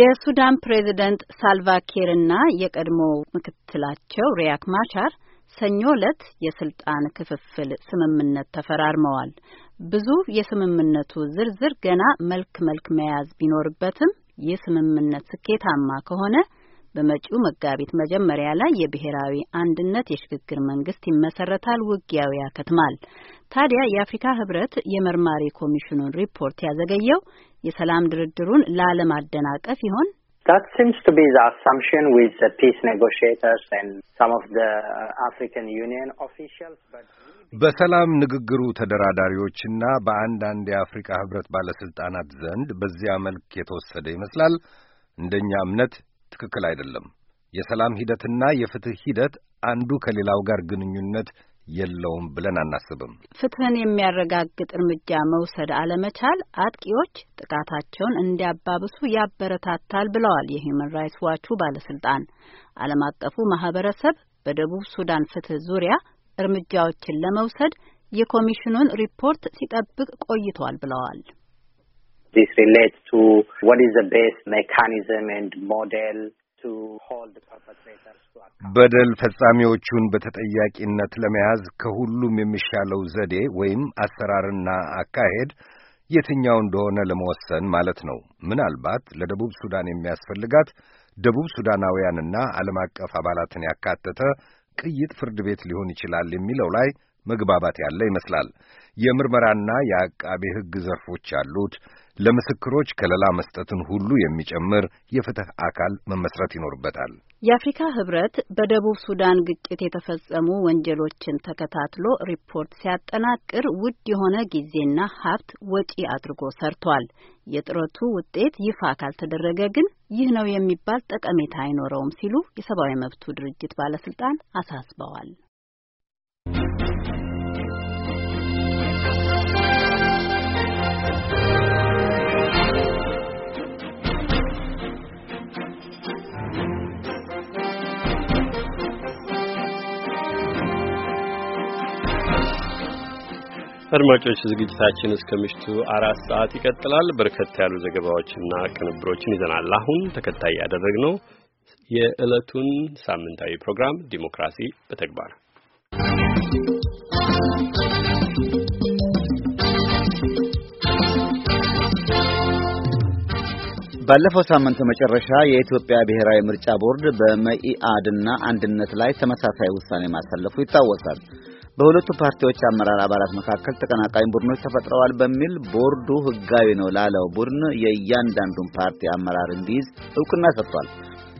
የሱዳን ፕሬዝደንት ሳልቫኪርና የቀድሞ ምክትላቸው ሪያክ ማቻር ሰኞ ዕለት የስልጣን ክፍፍል ስምምነት ተፈራርመዋል። ብዙ የስምምነቱ ዝርዝር ገና መልክ መልክ መያዝ ቢኖርበትም ይህ ስምምነት ስኬታማ ከሆነ በመጪው መጋቢት መጀመሪያ ላይ የብሔራዊ አንድነት የሽግግር መንግስት ይመሰረታል፣ ውጊያው ያከትማል። ታዲያ የአፍሪካ ህብረት የመርማሪ ኮሚሽኑን ሪፖርት ያዘገየው የሰላም ድርድሩን ላለማደናቀፍ ይሆን? That seems to be the assumption with the peace negotiators and some of the African Union officials, but በሰላም ንግግሩ ተደራዳሪዎችና በአንዳንድ የአፍሪካ ህብረት ባለስልጣናት ዘንድ በዚያ መልክ የተወሰደ ይመስላል። እንደኛ እምነት ትክክል አይደለም። የሰላም ሂደትና የፍትህ ሂደት አንዱ ከሌላው ጋር ግንኙነት የለውም ብለን አናስብም። ፍትህን የሚያረጋግጥ እርምጃ መውሰድ አለመቻል አጥቂዎች ጥቃታቸውን እንዲያባብሱ ያበረታታል ብለዋል የሂውማን ራይትስ ዋቹ ባለስልጣን። ዓለም አቀፉ ማህበረሰብ በደቡብ ሱዳን ፍትህ ዙሪያ እርምጃዎችን ለመውሰድ የኮሚሽኑን ሪፖርት ሲጠብቅ ቆይቷል ብለዋል። በደል ፈጻሚዎቹን በተጠያቂነት ለመያዝ ከሁሉም የሚሻለው ዘዴ ወይም አሰራርና አካሄድ የትኛው እንደሆነ ለመወሰን ማለት ነው። ምናልባት ለደቡብ ሱዳን የሚያስፈልጋት ደቡብ ሱዳናውያንና ዓለም አቀፍ አባላትን ያካተተ ቅይጥ ፍርድ ቤት ሊሆን ይችላል የሚለው ላይ መግባባት ያለ ይመስላል። የምርመራና የአቃቤ ሕግ ዘርፎች ያሉት ለምስክሮች ከለላ መስጠትን ሁሉ የሚጨምር የፍትህ አካል መመስረት ይኖርበታል። የአፍሪካ ህብረት በደቡብ ሱዳን ግጭት የተፈጸሙ ወንጀሎችን ተከታትሎ ሪፖርት ሲያጠናቅር ውድ የሆነ ጊዜና ሀብት ወጪ አድርጎ ሰርቷል። የጥረቱ ውጤት ይፋ ካልተደረገ ግን ይህ ነው የሚባል ጠቀሜታ አይኖረውም ሲሉ የሰብአዊ መብቱ ድርጅት ባለስልጣን አሳስበዋል። አድማጮች ዝግጅታችን እስከ ምሽቱ አራት ሰዓት ይቀጥላል። በርከት ያሉ ዘገባዎችና ቅንብሮችን ይዘናል። አሁን ተከታይ ያደረግነው የዕለቱን ሳምንታዊ ፕሮግራም ዲሞክራሲ በተግባር ባለፈው ሳምንት መጨረሻ የኢትዮጵያ ብሔራዊ ምርጫ ቦርድ በመኢአድና አንድነት ላይ ተመሳሳይ ውሳኔ ማሳለፉ ይታወሳል። በሁለቱ ፓርቲዎች አመራር አባላት መካከል ተቀናቃኝ ቡድኖች ተፈጥረዋል በሚል ቦርዱ ሕጋዊ ነው ላለው ቡድን የእያንዳንዱን ፓርቲ አመራር እንዲይዝ እውቅና ሰጥቷል።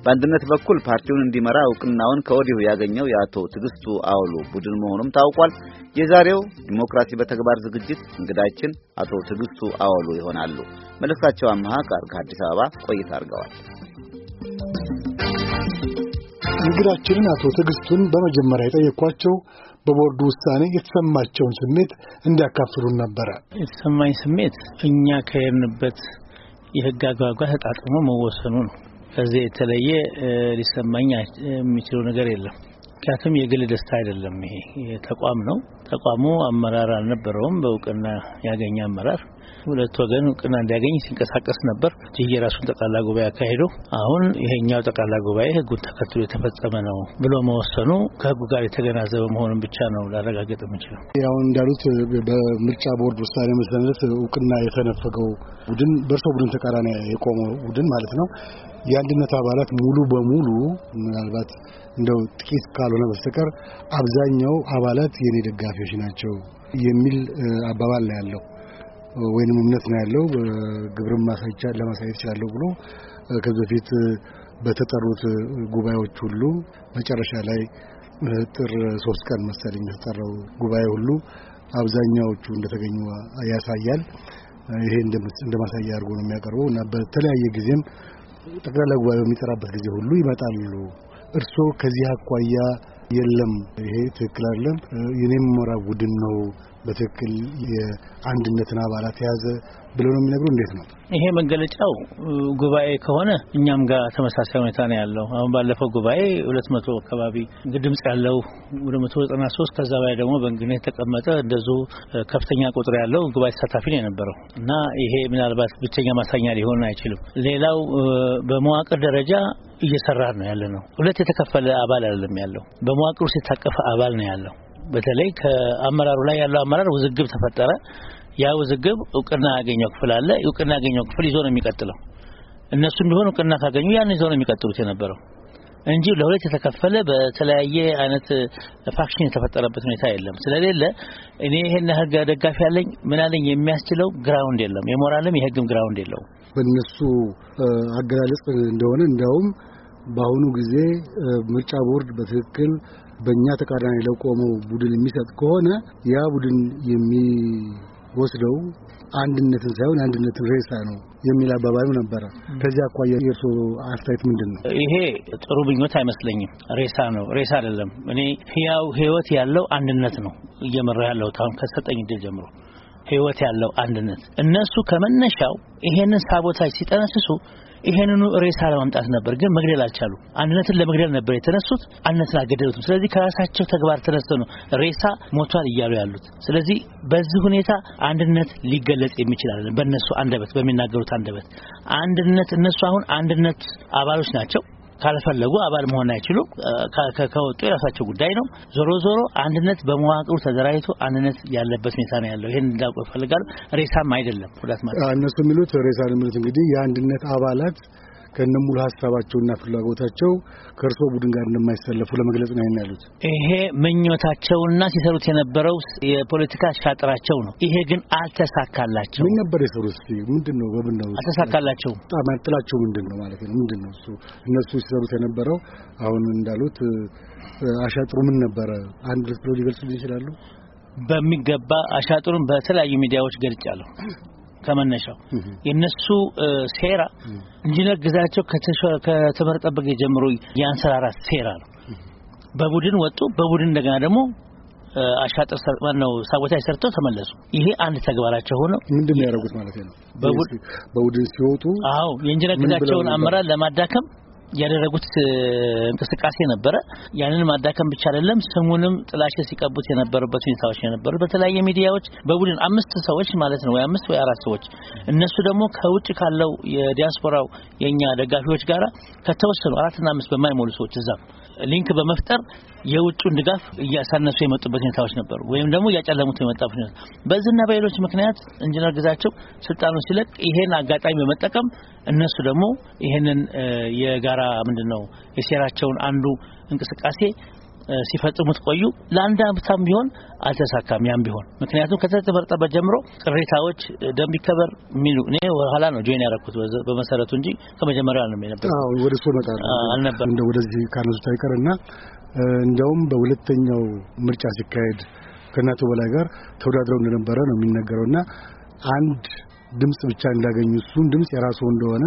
በአንድነት በኩል ፓርቲውን እንዲመራ እውቅናውን ከወዲሁ ያገኘው የአቶ ትዕግስቱ አውሉ ቡድን መሆኑም ታውቋል። የዛሬው ዲሞክራሲ በተግባር ዝግጅት እንግዳችን አቶ ትዕግስቱ አውሉ ይሆናሉ። መለስካቸው አመሃ ጋር ከአዲስ አበባ ቆይታ አድርገዋል። እንግዳችንን አቶ ትዕግስቱን በመጀመሪያ የጠየኳቸው በቦርዱ ውሳኔ የተሰማቸውን ስሜት እንዲያካፍሉን ነበረ። የተሰማኝ ስሜት እኛ ከሄድንበት የህግ አግባጓ ተጣጥሞ መወሰኑ ነው። ከዚህ የተለየ ሊሰማኝ የሚችለው ነገር የለም። ምክንያቱም የግል ደስታ አይደለም። ይሄ ተቋም ነው። ተቋሙ አመራር አልነበረውም። በእውቅና ያገኘ አመራር ሁለት ወገን እውቅና እንዲያገኝ ሲንቀሳቀስ ነበር። ይህ የራሱን ጠቅላላ ጉባኤ አካሄዱ። አሁን ይሄኛው ጠቅላላ ጉባኤ ህጉን ተከትሎ የተፈጸመ ነው ብሎ መወሰኑ ከህጉ ጋር የተገናዘበ መሆኑን ብቻ ነው ላረጋገጥ የምችለው። አሁን እንዳሉት በምርጫ ቦርድ ውሳኔ መሰረት እውቅና የተነፈገው ቡድን በእርሶ ቡድን ተቃራኒ የቆመው ቡድን ማለት ነው የአንድነት አባላት ሙሉ በሙሉ ምናልባት እንደው ጥቂት ካልሆነ በስተቀር አብዛኛው አባላት የኔ ደጋፊዎች ናቸው የሚል አባባል ነው ያለው ወይንም እምነት ነው ያለው። ግብርን ማሳይቻ ለማሳየት ይችላለሁ ብሎ ከዚህ በፊት በተጠሩት ጉባኤዎች ሁሉ መጨረሻ ላይ ጥር ሶስት ቀን መሰለኝ የተጠራው ጉባኤ ሁሉ አብዛኛዎቹ እንደተገኙ ያሳያል። ይሄ እንደ ማሳያ አድርጎ ነው የሚያቀርበው እና በተለያየ ጊዜም ጠቅላላ ጉባኤ በሚጠራበት ጊዜ ሁሉ ይመጣሉ። እርስዎ ከዚህ አኳያ የለም ይሄ ትክክል አይደለም፣ የኔ መራ ቡድን ነው በትክክል የአንድነትን አባላት የያዘ ብለው ነው የሚነግሩ። እንዴት ነው ይሄ መገለጫው? ጉባኤ ከሆነ እኛም ጋር ተመሳሳይ ሁኔታ ነው ያለው። አሁን ባለፈው ጉባኤ ሁለት መቶ አካባቢ ድምጽ ያለው ወደ መቶ ዘጠና ሶስት ከዛ በላይ ደግሞ በእንግድ የተቀመጠ እንደዙ ከፍተኛ ቁጥር ያለው ጉባኤ ተሳታፊ ነው የነበረው እና ይሄ ምናልባት ብቸኛ ማሳኛ ሊሆን አይችልም። ሌላው በመዋቅር ደረጃ እየሰራ ነው ያለ ነው። ሁለት የተከፈለ አባል አይደለም ያለው፣ በመዋቅር ውስጥ የታቀፈ አባል ነው ያለው። በተለይ ከአመራሩ ላይ ያለው አመራር ውዝግብ ተፈጠረ። ያ ውዝግብ እውቅና ያገኘው ክፍል አለ። እውቅና ያገኘው ክፍል ይዞ ነው የሚቀጥለው። እነሱ እንዲሆን እውቅና ካገኙ ያን ይዞ ነው የሚቀጥሉት የነበረው እንጂ ለሁለት የተከፈለ በተለያየ አይነት ፋክሽን የተፈጠረበት ሁኔታ የለም ስለሌለ እኔ ይሄን ህግ ደጋፊ ያለኝ ምን አለኝ የሚያስችለው ግራውንድ የለም። የሞራልም የህግም ግራውንድ የለው። በእነሱ አገላለጽ እንደሆነ እንዲያውም በአሁኑ ጊዜ ምርጫ ቦርድ በትክክል በእኛ ተቃራኒ ለቆመው ቡድን የሚሰጥ ከሆነ ያ ቡድን የሚወስደው አንድነትን ሳይሆን አንድነትን ሬሳ ነው የሚል አባባሉ ነበረ። ከዚህ አኳያ የእርሶ አስተያየት ምንድን ነው? ይሄ ጥሩ ምኞት አይመስለኝም። ሬሳ ነው ሬሳ አይደለም። እኔ ህያው ህይወት ያለው አንድነት ነው እየመራ ያለሁት አሁን ከሰጠኝ ድል ጀምሮ ህይወት ያለው አንድነት እነሱ ከመነሻው ይሄንን ሳቦታጅ ሲጠነስሱ ይሄንኑ ሬሳ ለማምጣት ነበር፣ ግን መግደል አልቻሉ። አንድነትን ለመግደል ነበር የተነሱት፣ አንድነትን አልገደሉትም። ስለዚህ ከራሳቸው ተግባር ተነስተው ነው ሬሳ ሞቷል እያሉ ያሉት። ስለዚህ በዚህ ሁኔታ አንድነት ሊገለጽ የሚችል አይደለም። በእነሱ አንደበት፣ በሚናገሩት አንደበት አንድነት እነሱ አሁን አንድነት አባሎች ናቸው ካልፈለጉ አባል መሆን አይችሉ ከወጡ የራሳቸው ጉዳይ ነው። ዞሮ ዞሮ አንድነት በመዋቅሩ ተደራጅቶ አንድነት ያለበት ሁኔታ ነው ያለው። ይህን እንዳውቁ ይፈልጋሉ። ሬሳም አይደለም ሁለት ማለት እነሱ የሚሉት ሬሳ የሚሉት እንግዲህ የአንድነት አባላት ከነሙሉ ሀሳባቸውና ፍላጎታቸው ከእርሶ ቡድን ጋር እንደማይሰለፉ ለመግለጽ ነው ያሉት። ይሄ መኞታቸውና ሲሰሩት የነበረው የፖለቲካ አሻጥራቸው ነው። ይሄ ግን አልተሳካላቸው። ምን ነበር የሰሩት? ምንድን ነው በምን ነው አልተሳካላቸው? በጣም ያጥላቸው ምንድን ነው ማለት ነው? ምንድን ነው እሱ እነሱ ሲሰሩት የነበረው አሁን እንዳሉት አሻጥሩ ምን ነበረ? አንድ ሁለት ብለው ሊገልጹልን ይችላሉ? በሚገባ አሻጥሩን በተለያዩ ሚዲያዎች ገልጫለሁ። ከመነሻው የነሱ ሴራ ኢንጂነር ግዛቸው ከተመረጠበት ጀምሮ የአንሰራራት ሴራ ነው። በቡድን ወጡ። በቡድን እንደገና ደግሞ አሻጥር ነው ሳቦታጅ ሰርተው ተመለሱ። ይሄ አንድ ተግባራቸው ሆኖ ምንድን ነው ያደረጉት ማለት ነው። በቡድን ሲወጡ አዎ የኢንጂነር ግዛቸውን አመራር ለማዳከም ያደረጉት እንቅስቃሴ ነበረ። ያንን ማዳከም ብቻ አይደለም፣ ስሙንም ጥላሸ ሲቀቡት የነበሩበት ሁኔታዎች የነበሩ በተለያየ ሚዲያዎች በቡድን አምስት ሰዎች ማለት ነው ወይ አምስት ወይ አራት ሰዎች እነሱ ደግሞ ከውጭ ካለው የዲያስፖራው የኛ ደጋፊዎች ጋር ከተወሰኑ አራትና አምስት በማይሞሉ ሰዎች እዛም ሊንክ በመፍጠር የውጩን ድጋፍ እያሳነሱ የመጡበት ሁኔታዎች ነበሩ፣ ወይም ደግሞ እያጨለሙት የመጣበት ሁኔታ። በዚህና በሌሎች ምክንያት ኢንጂነር ግዛቸው ስልጣኑ ሲለቅ ይሄን አጋጣሚ በመጠቀም እነሱ ደግሞ ይሄንን የጋራ ምንድን ነው የሴራቸውን አንዱ እንቅስቃሴ ሲፈጽሙት ቆዩ። ለአንድ አመትም ቢሆን አልተሳካም። ያም ቢሆን ምክንያቱም ከተመረጠበት ጀምሮ ቅሬታዎች ደንብ ይከበር የሚሉ እኔ ኋላ ነው ጆይን ያደረኩት በመሰረቱ እንጂ ከመጀመሪያ ነው የነበረው። አዎ ወደ እሱ እመጣለሁ አልነበረ እንደ ወደዚህ ካነሱት አይቀርና እንደውም በሁለተኛው ምርጫ ሲካሄድ ከእናቶ በላይ ጋር ተወዳድረው እንደነበረ ነው የሚነገረውና አንድ ድምጽ ብቻ እንዳገኙ እሱም ድምጽ የራሱ እንደሆነ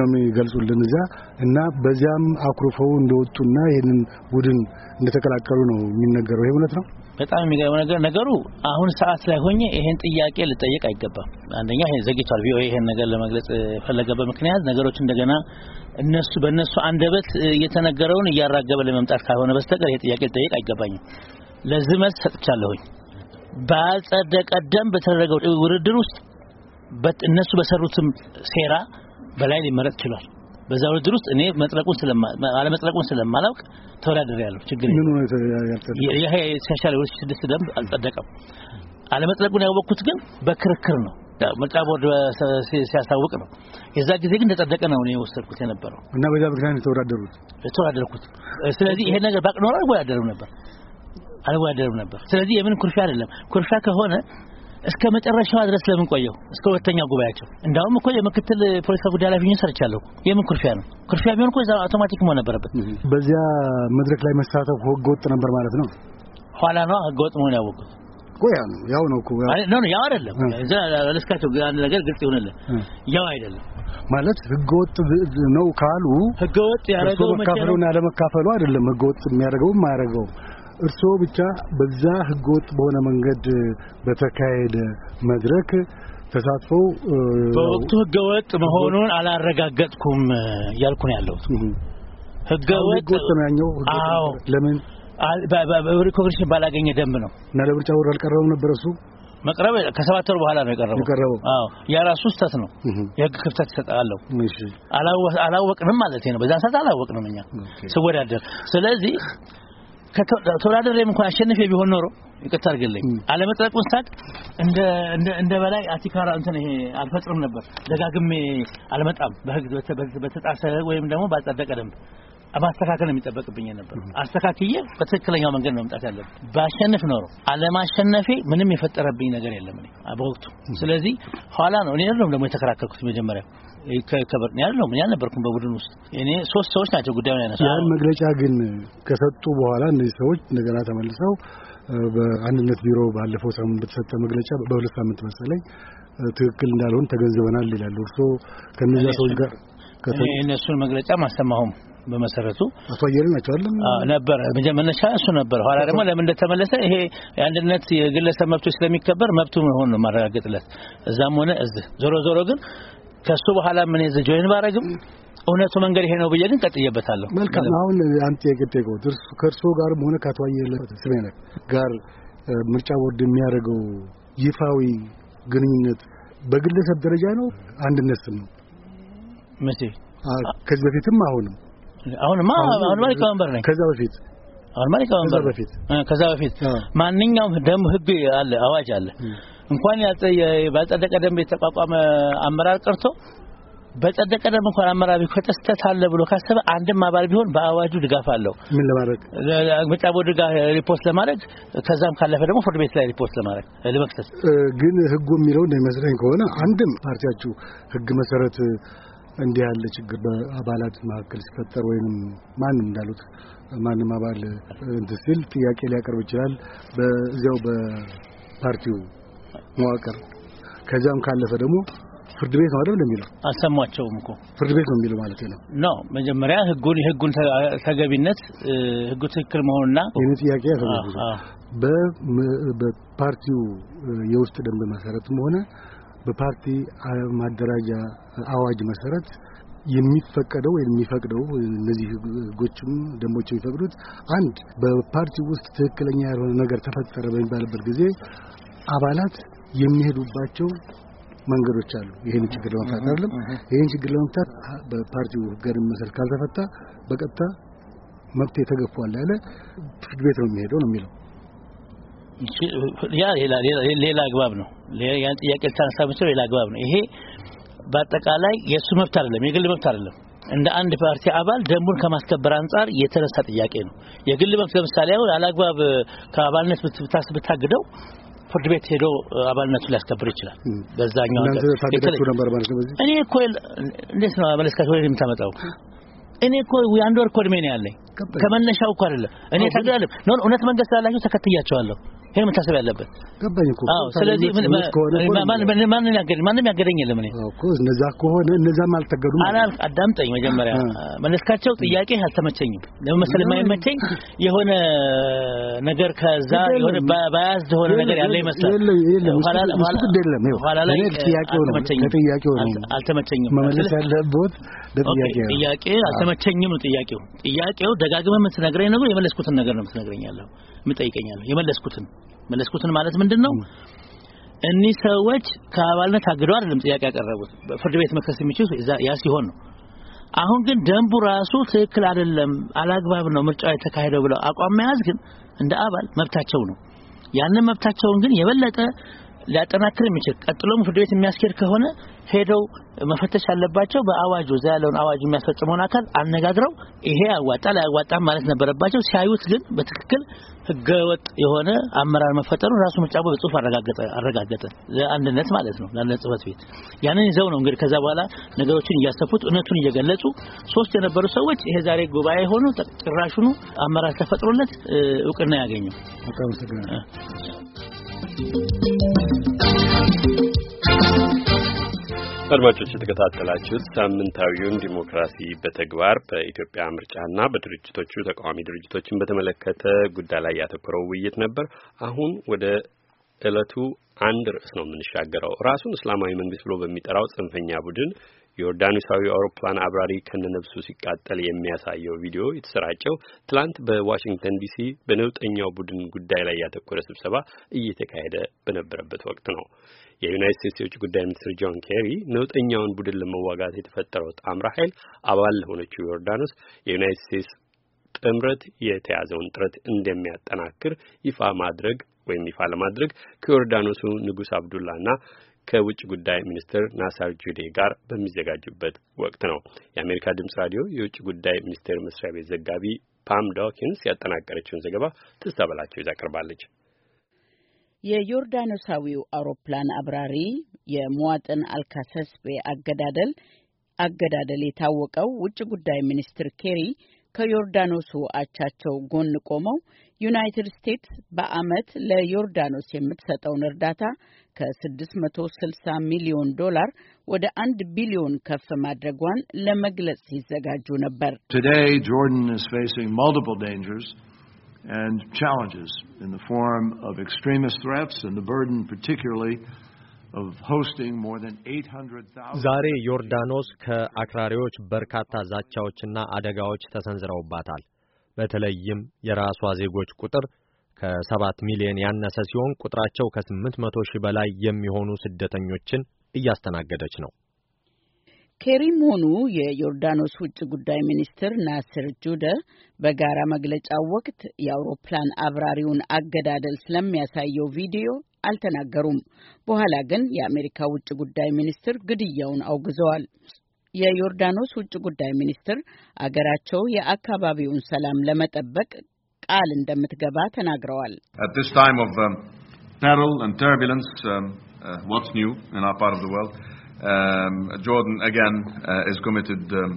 ነው የሚገልጹልን እዚያ እና በዚያም አኩርፈው እንደወጡና ይህንን ቡድን እንደተቀላቀሉ ነው የሚነገረው። ይሄ እውነት ነው። በጣም የሚገርመው ነገር ነገሩ አሁን ሰዓት ላይ ሆኜ ይሄን ጥያቄ ልጠየቅ አይገባም። አንደኛ ይሄ ዘግቷል። ቪኦኤ ይሄን ነገር ለመግለጽ የፈለገበት ምክንያት ነገሮች እንደገና እነሱ በእነሱ አንደበት እየተነገረውን እያራገበ ለመምጣት ካልሆነ በስተቀር ይሄ ጥያቄ ልጠየቅ አይገባኝም። ለዚህ መልስ ሰጥቻለሁኝ። ባልጸደቀደም በተደረገው ውድድር ውስጥ እነሱ በሰሩትም ሴራ በላይ ሊመረጥ ችሏል። በዛ ውድድር ውስጥ እኔ መጥለቁን ስለማ አለመጥለቁን ስለማላውቅ ተወዳደር ያለው ችግር ምን ነው ይሄ የተሻሻለ ወደ ስድስት ደንብ አልጸደቀም። አለመጥለቁን ያወቅኩት ግን በክርክር ነው ምርጫ ቦርድ ሲያሳውቅ ነው። የዛ ጊዜ ግን ተጠደቀ ነው እኔ የወሰድኩት የነበረው እና በዛ ምክንያት የተወዳደሩት የተወዳደርኩት። ስለዚህ ይሄ ነገር ባቅ ኖር አልወዳደርም ነበር አልወዳደርም ነበር። ስለዚህ የምን ኩርሻ አይደለም። ኩርሻ ከሆነ እስከ መጨረሻዋ ድረስ ለምን ቆየው? እስከ ሁለተኛ ጉባኤያቸው። እንዳውም እኮ የምክትል ፖለቲካ ጉዳይ ላይ ሆኜ ሰርቻለሁ። የምን ኩርፊያ ነው? ኩርፊያ ቢሆን እኮ እዛ አውቶማቲክ መሆን ነበረበት። በዚያ መድረክ ላይ መሳተፉ ህገ ነበር ማለት ነው። ኋላ ነው ህገ ወጥ መሆን ያወቁት። ቆያ ነው ያው ነው እኮ ነው ነው ያው አይደለም። እዛ ለስካቸው አንድ ነገር ግልጽ ይሆንልህ፣ ያው አይደለም ማለት ህገወጥ ነው ካሉ ህገወጥ ያደረገው መካፈሉና ለመካፈሉ አይደለም። ህገወጥ የሚያደርገው የማያደርገው እርስዎ ብቻ በዛ ህገወጥ በሆነ መንገድ በተካሄደ መድረክ ተሳትፈው በወቅቱ ህገወጥ መሆኑን አላረጋገጥኩም እያልኩ ነው ያለሁት። ህገወጥ ነው። አዎ ለምን ሪኮግኒሽን ባላገኘ ደንብ ነው እና ለምርጫ ቦርድ አልቀረበም ነበር እሱ መቅረብ ከሰባት ወር በኋላ ነው የቀረበው። አዎ ያ ራሱ ስህተት ነው፣ የህግ ክፍተት ይሰጣለው። አላወቅንም ማለት ነው። በዛ ሰዓት አላወቅንም እኛ ስወዳደር። ስለዚህ ተወዳደሬም እንኳን አሸንፌ ቢሆን ኖሮ ይቅርታ አድርግልኝ አለመጥረቁን ሳቅ እንደ እንደ በላይ አቲካራ እንትን ይሄ አልፈጥርም ነበር። ደጋግሜ አልመጣም። በህግ በተጣሰ ወይም ደግሞ ባጸደቀ ደንብ ማስተካከል የሚጠበቅብኝ ነበር። አስተካክዬ በትክክለኛው መንገድ ነው መምጣት ያለብኝ። ባሸንፍ ኖሮ አለማሸነፌ ምንም የፈጠረብኝ ነገር የለም እኔ በወቅቱ። ስለዚህ ኋላ ነው እኔ ደግሞ የተከራከርኩት መጀመሪያ ከበር ያለው ምን ያልነበርኩም በቡድን ውስጥ እኔ ሶስት ሰዎች ናቸው ጉዳዩን ያነሳ ያን መግለጫ ግን ከሰጡ በኋላ እነዚህ ሰዎች እንደገና ተመልሰው በአንድነት ቢሮ ባለፈው ሳምንት በተሰጠ መግለጫ በሁለት ሳምንት መሰለኝ ትክክል እንዳልሆን ተገንዝበናል ይላሉ። እርስዎ ከነዚያ ሰዎች ጋር እነሱን መግለጫ ማሰማሁም በመሰረቱ አቶ አየለ ናቸው አይደለም ነበር መነሻ እሱ ነበር። ኋላ ደግሞ ለምን እንደተመለሰ ይሄ የአንድነት የግለሰብ መብቶች ስለሚከበር መብቱ መሆን ነው ማረጋገጥለት እዛም ሆነ እዚህ ዞሮ ዞሮ ግን ከሱ በኋላ ምን እዚህ ጆይን ባረግም እውነቱ መንገድ ይሄ ነው ብዬ ግን ቀጥዬበታለሁ። መልካም። አሁን አንተ የገጠቆ ድርሱ ከርሶ ጋርም ሆነ ከአቶ አየለ ስሜነህ ጋር ምርጫ ቦርድ የሚያደርገው ይፋዊ ግንኙነት በግለሰብ ደረጃ ነው አንድነት ነው መቼ ከዚህ በፊትም አሁንም አሁንማ አሁንማ ሊቀመንበር ነኝ። ከዛ በፊት አሁንማ ሊቀመንበር በፊት ከዛ በፊት ማንኛውም ደም ህግ አለ አዋጅ አለ እንኳን ባጸደቀ ደንብ የተቋቋመ አመራር ቀርቶ በጸደቀ ደንብ እንኳን አመራር ቢሆን ስህተት አለ ብሎ ካሰበ አንድም አባል ቢሆን በአዋጁ ድጋፍ አለው። ምን ለማድረግ ምርጫ ቦርድ ጋር ሪፖርት ለማድረግ ከዛም ካለፈ ደግሞ ፍርድ ቤት ላይ ሪፖርት ለማድረግ ለመክሰስ። ግን ህጉ የሚለው እንደሚመስለኝ ከሆነ አንድም ፓርቲያችሁ ህግ መሰረት እንዲህ ያለ ችግር በአባላት መካከል ሲፈጠር ወይንም ማንም እንዳሉት ማንም አባል እንትን ሲል ጥያቄ ሊያቀርብ ይችላል በዚያው በፓርቲው መዋቅር ከዚያም ካለፈ ደግሞ ፍርድ ቤት ነው አይደል የሚለው አልሰማቸውም እኮ ፍርድ ቤት ነው የሚለው ማለት ነው ነው መጀመሪያ ህጉን የህጉን ተገቢነት ህጉ ትክክል መሆኑና የኔ ጥያቄ በፓርቲው የውስጥ ደንብ መሰረትም ሆነ በፓርቲ ማደራጃ አዋጅ መሰረት የሚፈቀደው ወይም የሚፈቅደው እነዚህ ህጎችም ደንቦች የሚፈቅዱት አንድ በፓርቲው ውስጥ ትክክለኛ ያልሆነ ነገር ተፈጠረ በሚባልበት ጊዜ አባላት የሚሄዱባቸው መንገዶች አሉ። ይህን ችግር ለመፍታት አይደለም። ይህን ችግር ለመፍታት በፓርቲው ህገ መሰል ካልተፈታ በቀጥታ መብት የተገፏል ያለ ፍርድ ቤት ነው የሚሄደው ነው የሚለው። ያ ሌላ አግባብ ነው። ያን ጥያቄ ልታነሳብቸው ሌላ አግባብ ነው። ይሄ በአጠቃላይ የእሱ መብት አይደለም፣ የግል መብት አይደለም። እንደ አንድ ፓርቲ አባል ደንቡን ከማስከበር አንጻር የተነሳ ጥያቄ ነው። የግል መብት ለምሳሌ አሁን አላግባብ ከአባልነት ብታስ ብታግደው ፍርድ ቤት ሄዶ አባልነቱን ሊያስከብር ይችላል። በዛኛው እኔ እኮ እንዴት ነው አባል እስከ የምታመጣው? እኔ እኮ የአንድ ወር እኮ እድሜ ነው ያለኝ ከመነሻው እኮ አይደለም። እኔ ታግዳለሁ ነው እውነት መንገድ ስላላችሁ ተከትያቸዋለሁ። ይሄን መታሰብ ያለበት ገባኝ እኮ። አዎ፣ ስለዚህ ማን ማን ያገደኝ ማንም ያገደኝ የለም። እኔ እኮ እነዛ ከሆነ እነዛም አልተገዱም። አዳምጠኝ መጀመሪያ መለስካቸው፣ ጥያቄ አልተመቸኝም። ለምን መሰለህ የማይመቸኝ የሆነ ነገር ከዛ የሆነ ባያዝ የሆነ ነገር ያለ ይመስላል። የለም ኋላ አይደለም። ይኸው ኋላ ላይ ጥያቄው ነው ከጥያቄው ነው አልተመቸኝም። መመለስ ያለበት ለጥያቄው ጥያቄ አልተመቸኝም። ጥያቄው ጥያቄው ደጋግመህ የምትነግረኝ ነው የመለስኩትን ነገር ነው የምትነግረኛለሁ የምጠይቀኛለሁ የመለስኩትን መለስኩትን ማለት ምንድነው እኒህ ሰዎች ከአባልነት አግደው አይደለም ጥያቄ ያቀረቡት ፍርድ ቤት መክሰስ የሚችሉ ያ ሲሆን ነው አሁን ግን ደንቡ ራሱ ትክክል አይደለም አላግባብ ነው ምርጫው የተካሄደው ብለው አቋም መያዝ ግን እንደ አባል መብታቸው ነው ያንን መብታቸውን ግን የበለጠ ሊያጠናክር የሚችል ቀጥሎም ፍርድ ቤት የሚያስኬድ ከሆነ ሄደው መፈተሽ ያለባቸው በአዋጁ እዛ ያለውን አዋጅ የሚያስፈጽመውን አካል አነጋግረው ይሄ ያዋጣል አያዋጣም ማለት ነበረባቸው። ሲያዩት ግን በትክክል ህገወጥ የሆነ አመራር መፈጠሩን ራሱ ምርጫ ቦርድ በጽሁፍ አረጋገጠ አረጋገጠ ለአንድነት ማለት ነው ለአንድነት ጽህፈት ቤት ያንን ይዘው ነው እንግዲህ ከዛ በኋላ ነገሮችን እያሰፉት እውነቱን እየገለጹ ሶስት የነበሩ ሰዎች ይሄ ዛሬ ጉባኤ ሆኑ ጭራሹኑ አመራር ተፈጥሮለት እውቅና ያገኘው አድማጮች የተከታተላችሁት ሳምንታዊውን ዲሞክራሲ በተግባር በኢትዮጵያ ምርጫና በድርጅቶቹ ተቃዋሚ ድርጅቶችን በተመለከተ ጉዳይ ላይ ያተኮረው ውይይት ነበር። አሁን ወደ እለቱ አንድ ርዕስ ነው የምንሻገረው። ራሱን እስላማዊ መንግስት ብሎ በሚጠራው ጽንፈኛ ቡድን ዮርዳኖሳዊ አውሮፕላን አብራሪ ከነነፍሱ ሲቃጠል የሚያሳየው ቪዲዮ የተሰራጨው ትላንት በዋሽንግተን ዲሲ በነውጠኛው ቡድን ጉዳይ ላይ ያተኮረ ስብሰባ እየተካሄደ በነበረበት ወቅት ነው። የዩናይት ስቴትስ የውጭ ጉዳይ ሚኒስትር ጆን ኬሪ ነውጠኛውን ቡድን ለመዋጋት የተፈጠረው ጣምራ ኃይል አባል ለሆነችው ዮርዳኖስ የዩናይት ስቴትስ ጥምረት የተያዘውን ጥረት እንደሚያጠናክር ይፋ ማድረግ ወይም ይፋ ለማድረግ ከዮርዳኖሱ ንጉስ አብዱላና ከውጭ ጉዳይ ሚኒስትር ናሳር ጁዴ ጋር በሚዘጋጁበት ወቅት ነው። የአሜሪካ ድምጽ ራዲዮ የውጭ ጉዳይ ሚኒስቴር መስሪያ ቤት ዘጋቢ ፓም ዶኪንስ ያጠናቀረችውን ዘገባ ትስታ በላቸው ይዛ ቀርባለች። የዮርዳኖሳዊው አውሮፕላን አብራሪ የሙዋጥን አልካሰስቤ አገዳደል አገዳደል የታወቀው ውጭ ጉዳይ ሚኒስትር ኬሪ ከዮርዳኖሱ አቻቸው ጎን ቆመው ዩናይትድ ስቴትስ በዓመት ለዮርዳኖስ የምትሰጠውን እርዳታ ከ660 ሚሊዮን ዶላር ወደ አንድ ቢሊዮን ከፍ ማድረጓን ለመግለጽ ሲዘጋጁ ነበር። ዛሬ ዮርዳኖስ ከአክራሪዎች በርካታ ዛቻዎችና አደጋዎች ተሰንዝረውባታል። በተለይም የራሷ ዜጎች ቁጥር ከሰባት ሚሊዮን ያነሰ ሲሆን ቁጥራቸው ከስምንት መቶ ሺህ በላይ የሚሆኑ ስደተኞችን እያስተናገደች ነው። ኬሪም ሆኑ የዮርዳኖስ ውጭ ጉዳይ ሚኒስትር ናስር ጁደ በጋራ መግለጫው ወቅት የአውሮፕላን አብራሪውን አገዳደል ስለሚያሳየው ቪዲዮ አልተናገሩም። በኋላ ግን የአሜሪካ ውጭ ጉዳይ ሚኒስትር ግድያውን አውግዘዋል። የዮርዳኖስ ውጭ ጉዳይ ሚኒስትር አገራቸው የአካባቢውን ሰላም ለመጠበቅ ቃል እንደምትገባ ተናግረዋል።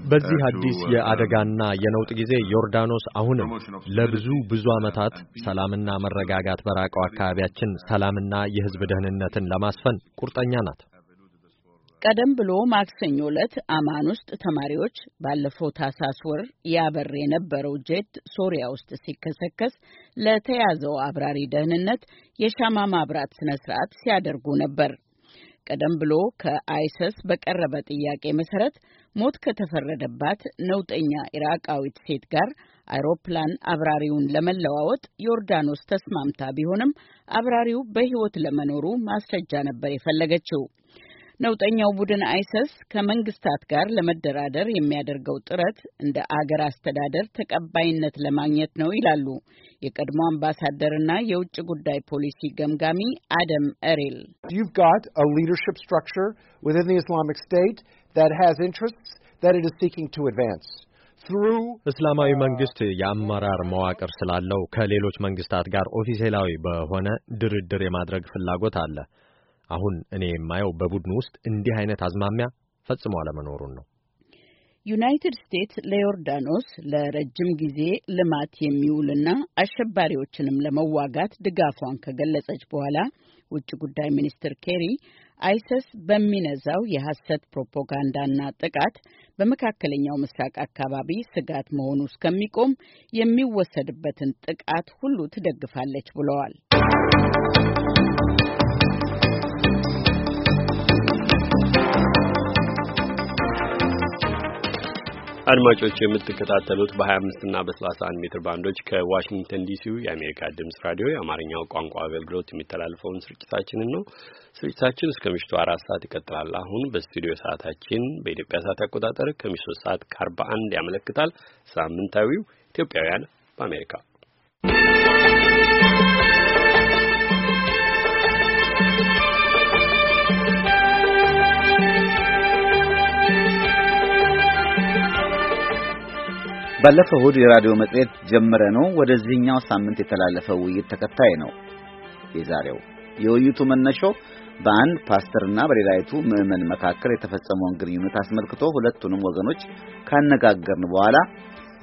በዚህ አዲስ uh, የአደጋና የነውጥ ጊዜ ዮርዳኖስ አሁንም ለብዙ ብዙ ዓመታት ሰላምና መረጋጋት በራቀው አካባቢያችን ሰላምና የሕዝብ ደህንነትን ለማስፈን ቁርጠኛ ናት። ቀደም ብሎ ማክሰኞ ዕለት አማን ውስጥ ተማሪዎች ባለፈው ታሳስ ወር ያበር የነበረው ጄት ሶሪያ ውስጥ ሲከሰከስ ለተያዘው አብራሪ ደህንነት የሻማ ማብራት ስነ ስርዓት ሲያደርጉ ነበር። ቀደም ብሎ ከአይሰስ በቀረበ ጥያቄ መሰረት ሞት ከተፈረደባት ነውጠኛ ኢራቃዊት ሴት ጋር አይሮፕላን አብራሪውን ለመለዋወጥ ዮርዳኖስ ተስማምታ ቢሆንም አብራሪው በሕይወት ለመኖሩ ማስረጃ ነበር የፈለገችው። ነውጠኛው ቡድን አይሰስ ከመንግስታት ጋር ለመደራደር የሚያደርገው ጥረት እንደ አገር አስተዳደር ተቀባይነት ለማግኘት ነው ይላሉ የቀድሞ አምባሳደርና የውጭ ጉዳይ ፖሊሲ ገምጋሚ አደም ኤሬል። እስላማዊ መንግስት የአመራር መዋቅር ስላለው ከሌሎች መንግስታት ጋር ኦፊሴላዊ በሆነ ድርድር የማድረግ ፍላጎት አለ። አሁን እኔ የማየው በቡድኑ ውስጥ እንዲህ አይነት አዝማሚያ ፈጽሞ አለመኖሩን ነው። ዩናይትድ ስቴትስ ለዮርዳኖስ ለረጅም ጊዜ ልማት የሚውልና አሸባሪዎችንም ለመዋጋት ድጋፏን ከገለጸች በኋላ ውጭ ጉዳይ ሚኒስትር ኬሪ አይሰስ በሚነዛው የሐሰት ፕሮፓጋንዳና ጥቃት በመካከለኛው ምስራቅ አካባቢ ስጋት መሆኑ እስከሚቆም የሚወሰድበትን ጥቃት ሁሉ ትደግፋለች ብለዋል። አድማጮች የምትከታተሉት በ25 እና በ31 ሜትር ባንዶች ከዋሽንግተን ዲሲው የአሜሪካ ድምፅ ራዲዮ የአማርኛው ቋንቋ አገልግሎት የሚተላለፈውን ስርጭታችንን ነው። ስርጭታችን እስከ ምሽቱ አራት ሰዓት ይቀጥላል። አሁን በስቱዲዮ ሰዓታችን በኢትዮጵያ ሰዓት አቆጣጠር ከምሽቱ ሰዓት ከ41 ያመለክታል። ሳምንታዊው ኢትዮጵያውያን በአሜሪካ ባለፈው እሁድ የራዲዮ መጽሔት ጀምረ ነው ወደዚህኛው ሳምንት የተላለፈ ውይይት ተከታይ ነው የዛሬው። የውይይቱ መነሾ በአንድ ፓስተርና በሌላይቱ ምዕመን መካከል የተፈጸመውን ግንኙነት አስመልክቶ ሁለቱንም ወገኖች ካነጋገርን በኋላ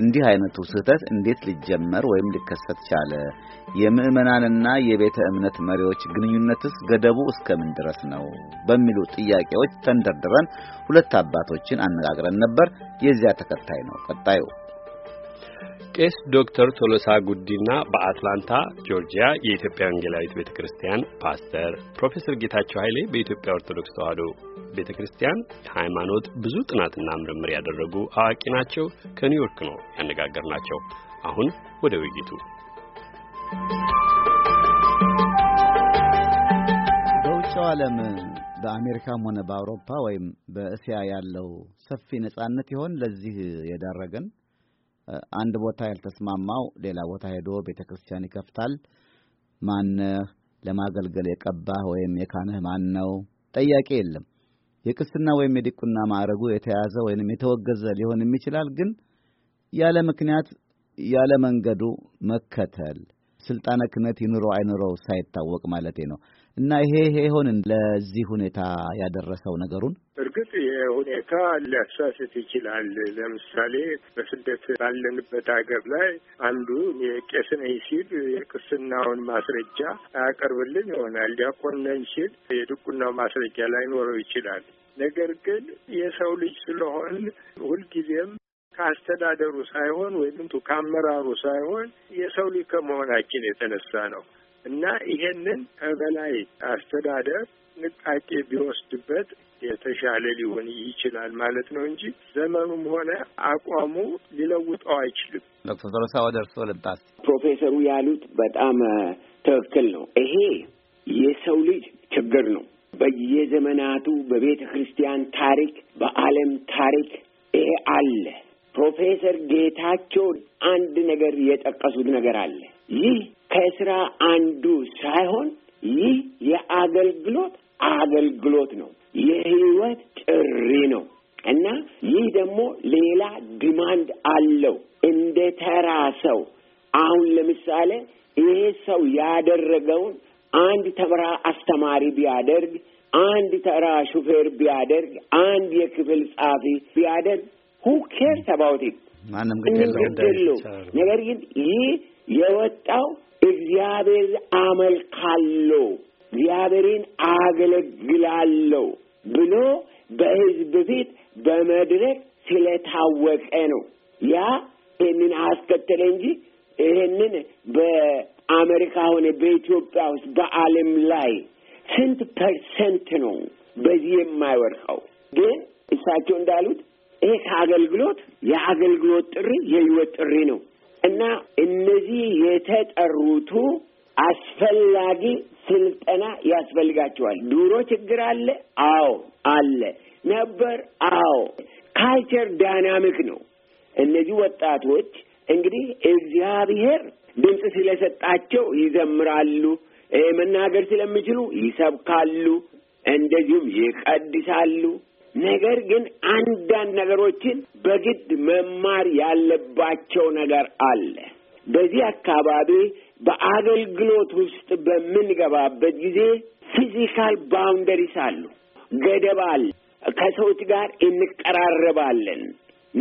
እንዲህ አይነቱ ስህተት እንዴት ሊጀመር ወይም ሊከሰት ቻለ? የምዕመናንና የቤተ እምነት መሪዎች ግንኙነትስ ገደቡ እስከምን ድረስ ነው? በሚሉ ጥያቄዎች ተንደርድረን ሁለት አባቶችን አነጋግረን ነበር። የዚያ ተከታይ ነው ቀጣዩ። ቄስ ዶክተር ቶሎሳ ጉዲና በአትላንታ ጆርጂያ የኢትዮጵያ ወንጌላዊት ቤተ ክርስቲያን ፓስተር፣ ፕሮፌሰር ጌታቸው ኃይሌ በኢትዮጵያ ኦርቶዶክስ ተዋሕዶ ቤተ ክርስቲያን ሃይማኖት ብዙ ጥናትና ምርምር ያደረጉ አዋቂ ናቸው። ከኒውዮርክ ነው ናቸው። አሁን ወደ ውይይቱ በውጭው ዓለም በአሜሪካም ሆነ በአውሮፓ ወይም በእስያ ያለው ሰፊ ነጻነት ይሆን ለዚህ የዳረገን? አንድ ቦታ ያልተስማማው ሌላ ቦታ ሄዶ ቤተ ክርስቲያን ይከፍታል። ማነህ ለማገልገል የቀባህ ወይም የካነህ ማን ነው? ጠያቄ የለም። የቅስና ወይም የዲቁና ማዕረጉ የተያዘ ወይንም የተወገዘ ሊሆንም ይችላል። ግን ያለ ምክንያት ያለ መንገዱ መከተል ስልጣነ ክህነት ይኑረው አይኑረው ሳይታወቅ ማለቴ ነው። እና ይሄ ይሄ ይሆን ለዚህ ሁኔታ ያደረሰው ነገሩን። እርግጥ ይሄ ሁኔታ ሊያሳስት ይችላል። ለምሳሌ በስደት ባለንበት ሀገር ላይ አንዱ ቄስ ነኝ ሲል የቅስናውን ማስረጃ አያቀርብልን ይሆናል። ዲያቆን ነኝ ሲል የድቁናው ማስረጃ ላይኖረው ይችላል። ነገር ግን የሰው ልጅ ስለሆን ሁልጊዜም ከአስተዳደሩ ሳይሆን ወይም ከአመራሩ ሳይሆን የሰው ልጅ ከመሆናችን የተነሳ ነው እና ይሄንን ከበላይ አስተዳደር ንቃቄ ቢወስድበት የተሻለ ሊሆን ይችላል ማለት ነው እንጂ ዘመኑም ሆነ አቋሙ ሊለውጠው አይችልም። ዶክተር ቶሎሳ ወደ እርስዎ ፕሮፌሰሩ ያሉት በጣም ትክክል ነው። ይሄ የሰው ልጅ ችግር ነው። በየዘመናቱ በቤተ ክርስቲያን ታሪክ፣ በዓለም ታሪክ ይሄ አለ። ፕሮፌሰር ጌታቸው አንድ ነገር የጠቀሱት ነገር አለ። ይህ ከስራ አንዱ ሳይሆን ይህ የአገልግሎት አገልግሎት ነው። የህይወት ጥሪ ነው እና ይህ ደግሞ ሌላ ዲማንድ አለው እንደ ተራ ሰው። አሁን ለምሳሌ ይሄ ሰው ያደረገውን አንድ ተምራ አስተማሪ ቢያደርግ፣ አንድ ተራ ሹፌር ቢያደርግ፣ አንድ የክፍል ጻፊ ቢያደርግ ሁ cares about ማንም ግድ ነገር ግን ይህ የወጣው እግዚአብሔር አመልካለሁ፣ እግዚአብሔርን አገለግላለሁ ብሎ በህዝብ ፊት በመድረክ ስለታወቀ ነው። ያ ይህንን አስከተለ እንጂ ይህንን በአሜሪካ ሆነ በኢትዮጵያ ውስጥ በዓለም ላይ ስንት ፐርሰንት ነው በዚህ የማይወርቀው? ግን እሳቸው እንዳሉት ይሄ ከአገልግሎት የአገልግሎት ጥሪ የህይወት ጥሪ ነው። እና እነዚህ የተጠሩቱ አስፈላጊ ስልጠና ያስፈልጋቸዋል። ዱሮ ችግር አለ። አዎ አለ ነበር። አዎ ካልቸር ዳይናሚክ ነው። እነዚህ ወጣቶች እንግዲህ እግዚአብሔር ድምፅ ስለሰጣቸው ይዘምራሉ፣ መናገር ስለሚችሉ ይሰብካሉ፣ እንደዚሁም ይቀድሳሉ፣ ነገር ግን አንዳንድ ነገሮችን በግድ መማር ያለባቸው ነገር አለ። በዚህ አካባቢ በአገልግሎት ውስጥ በምንገባበት ጊዜ ፊዚካል ባውንደሪስ አሉ፣ ገደብ አለ። ከሰዎች ጋር እንቀራረባለን።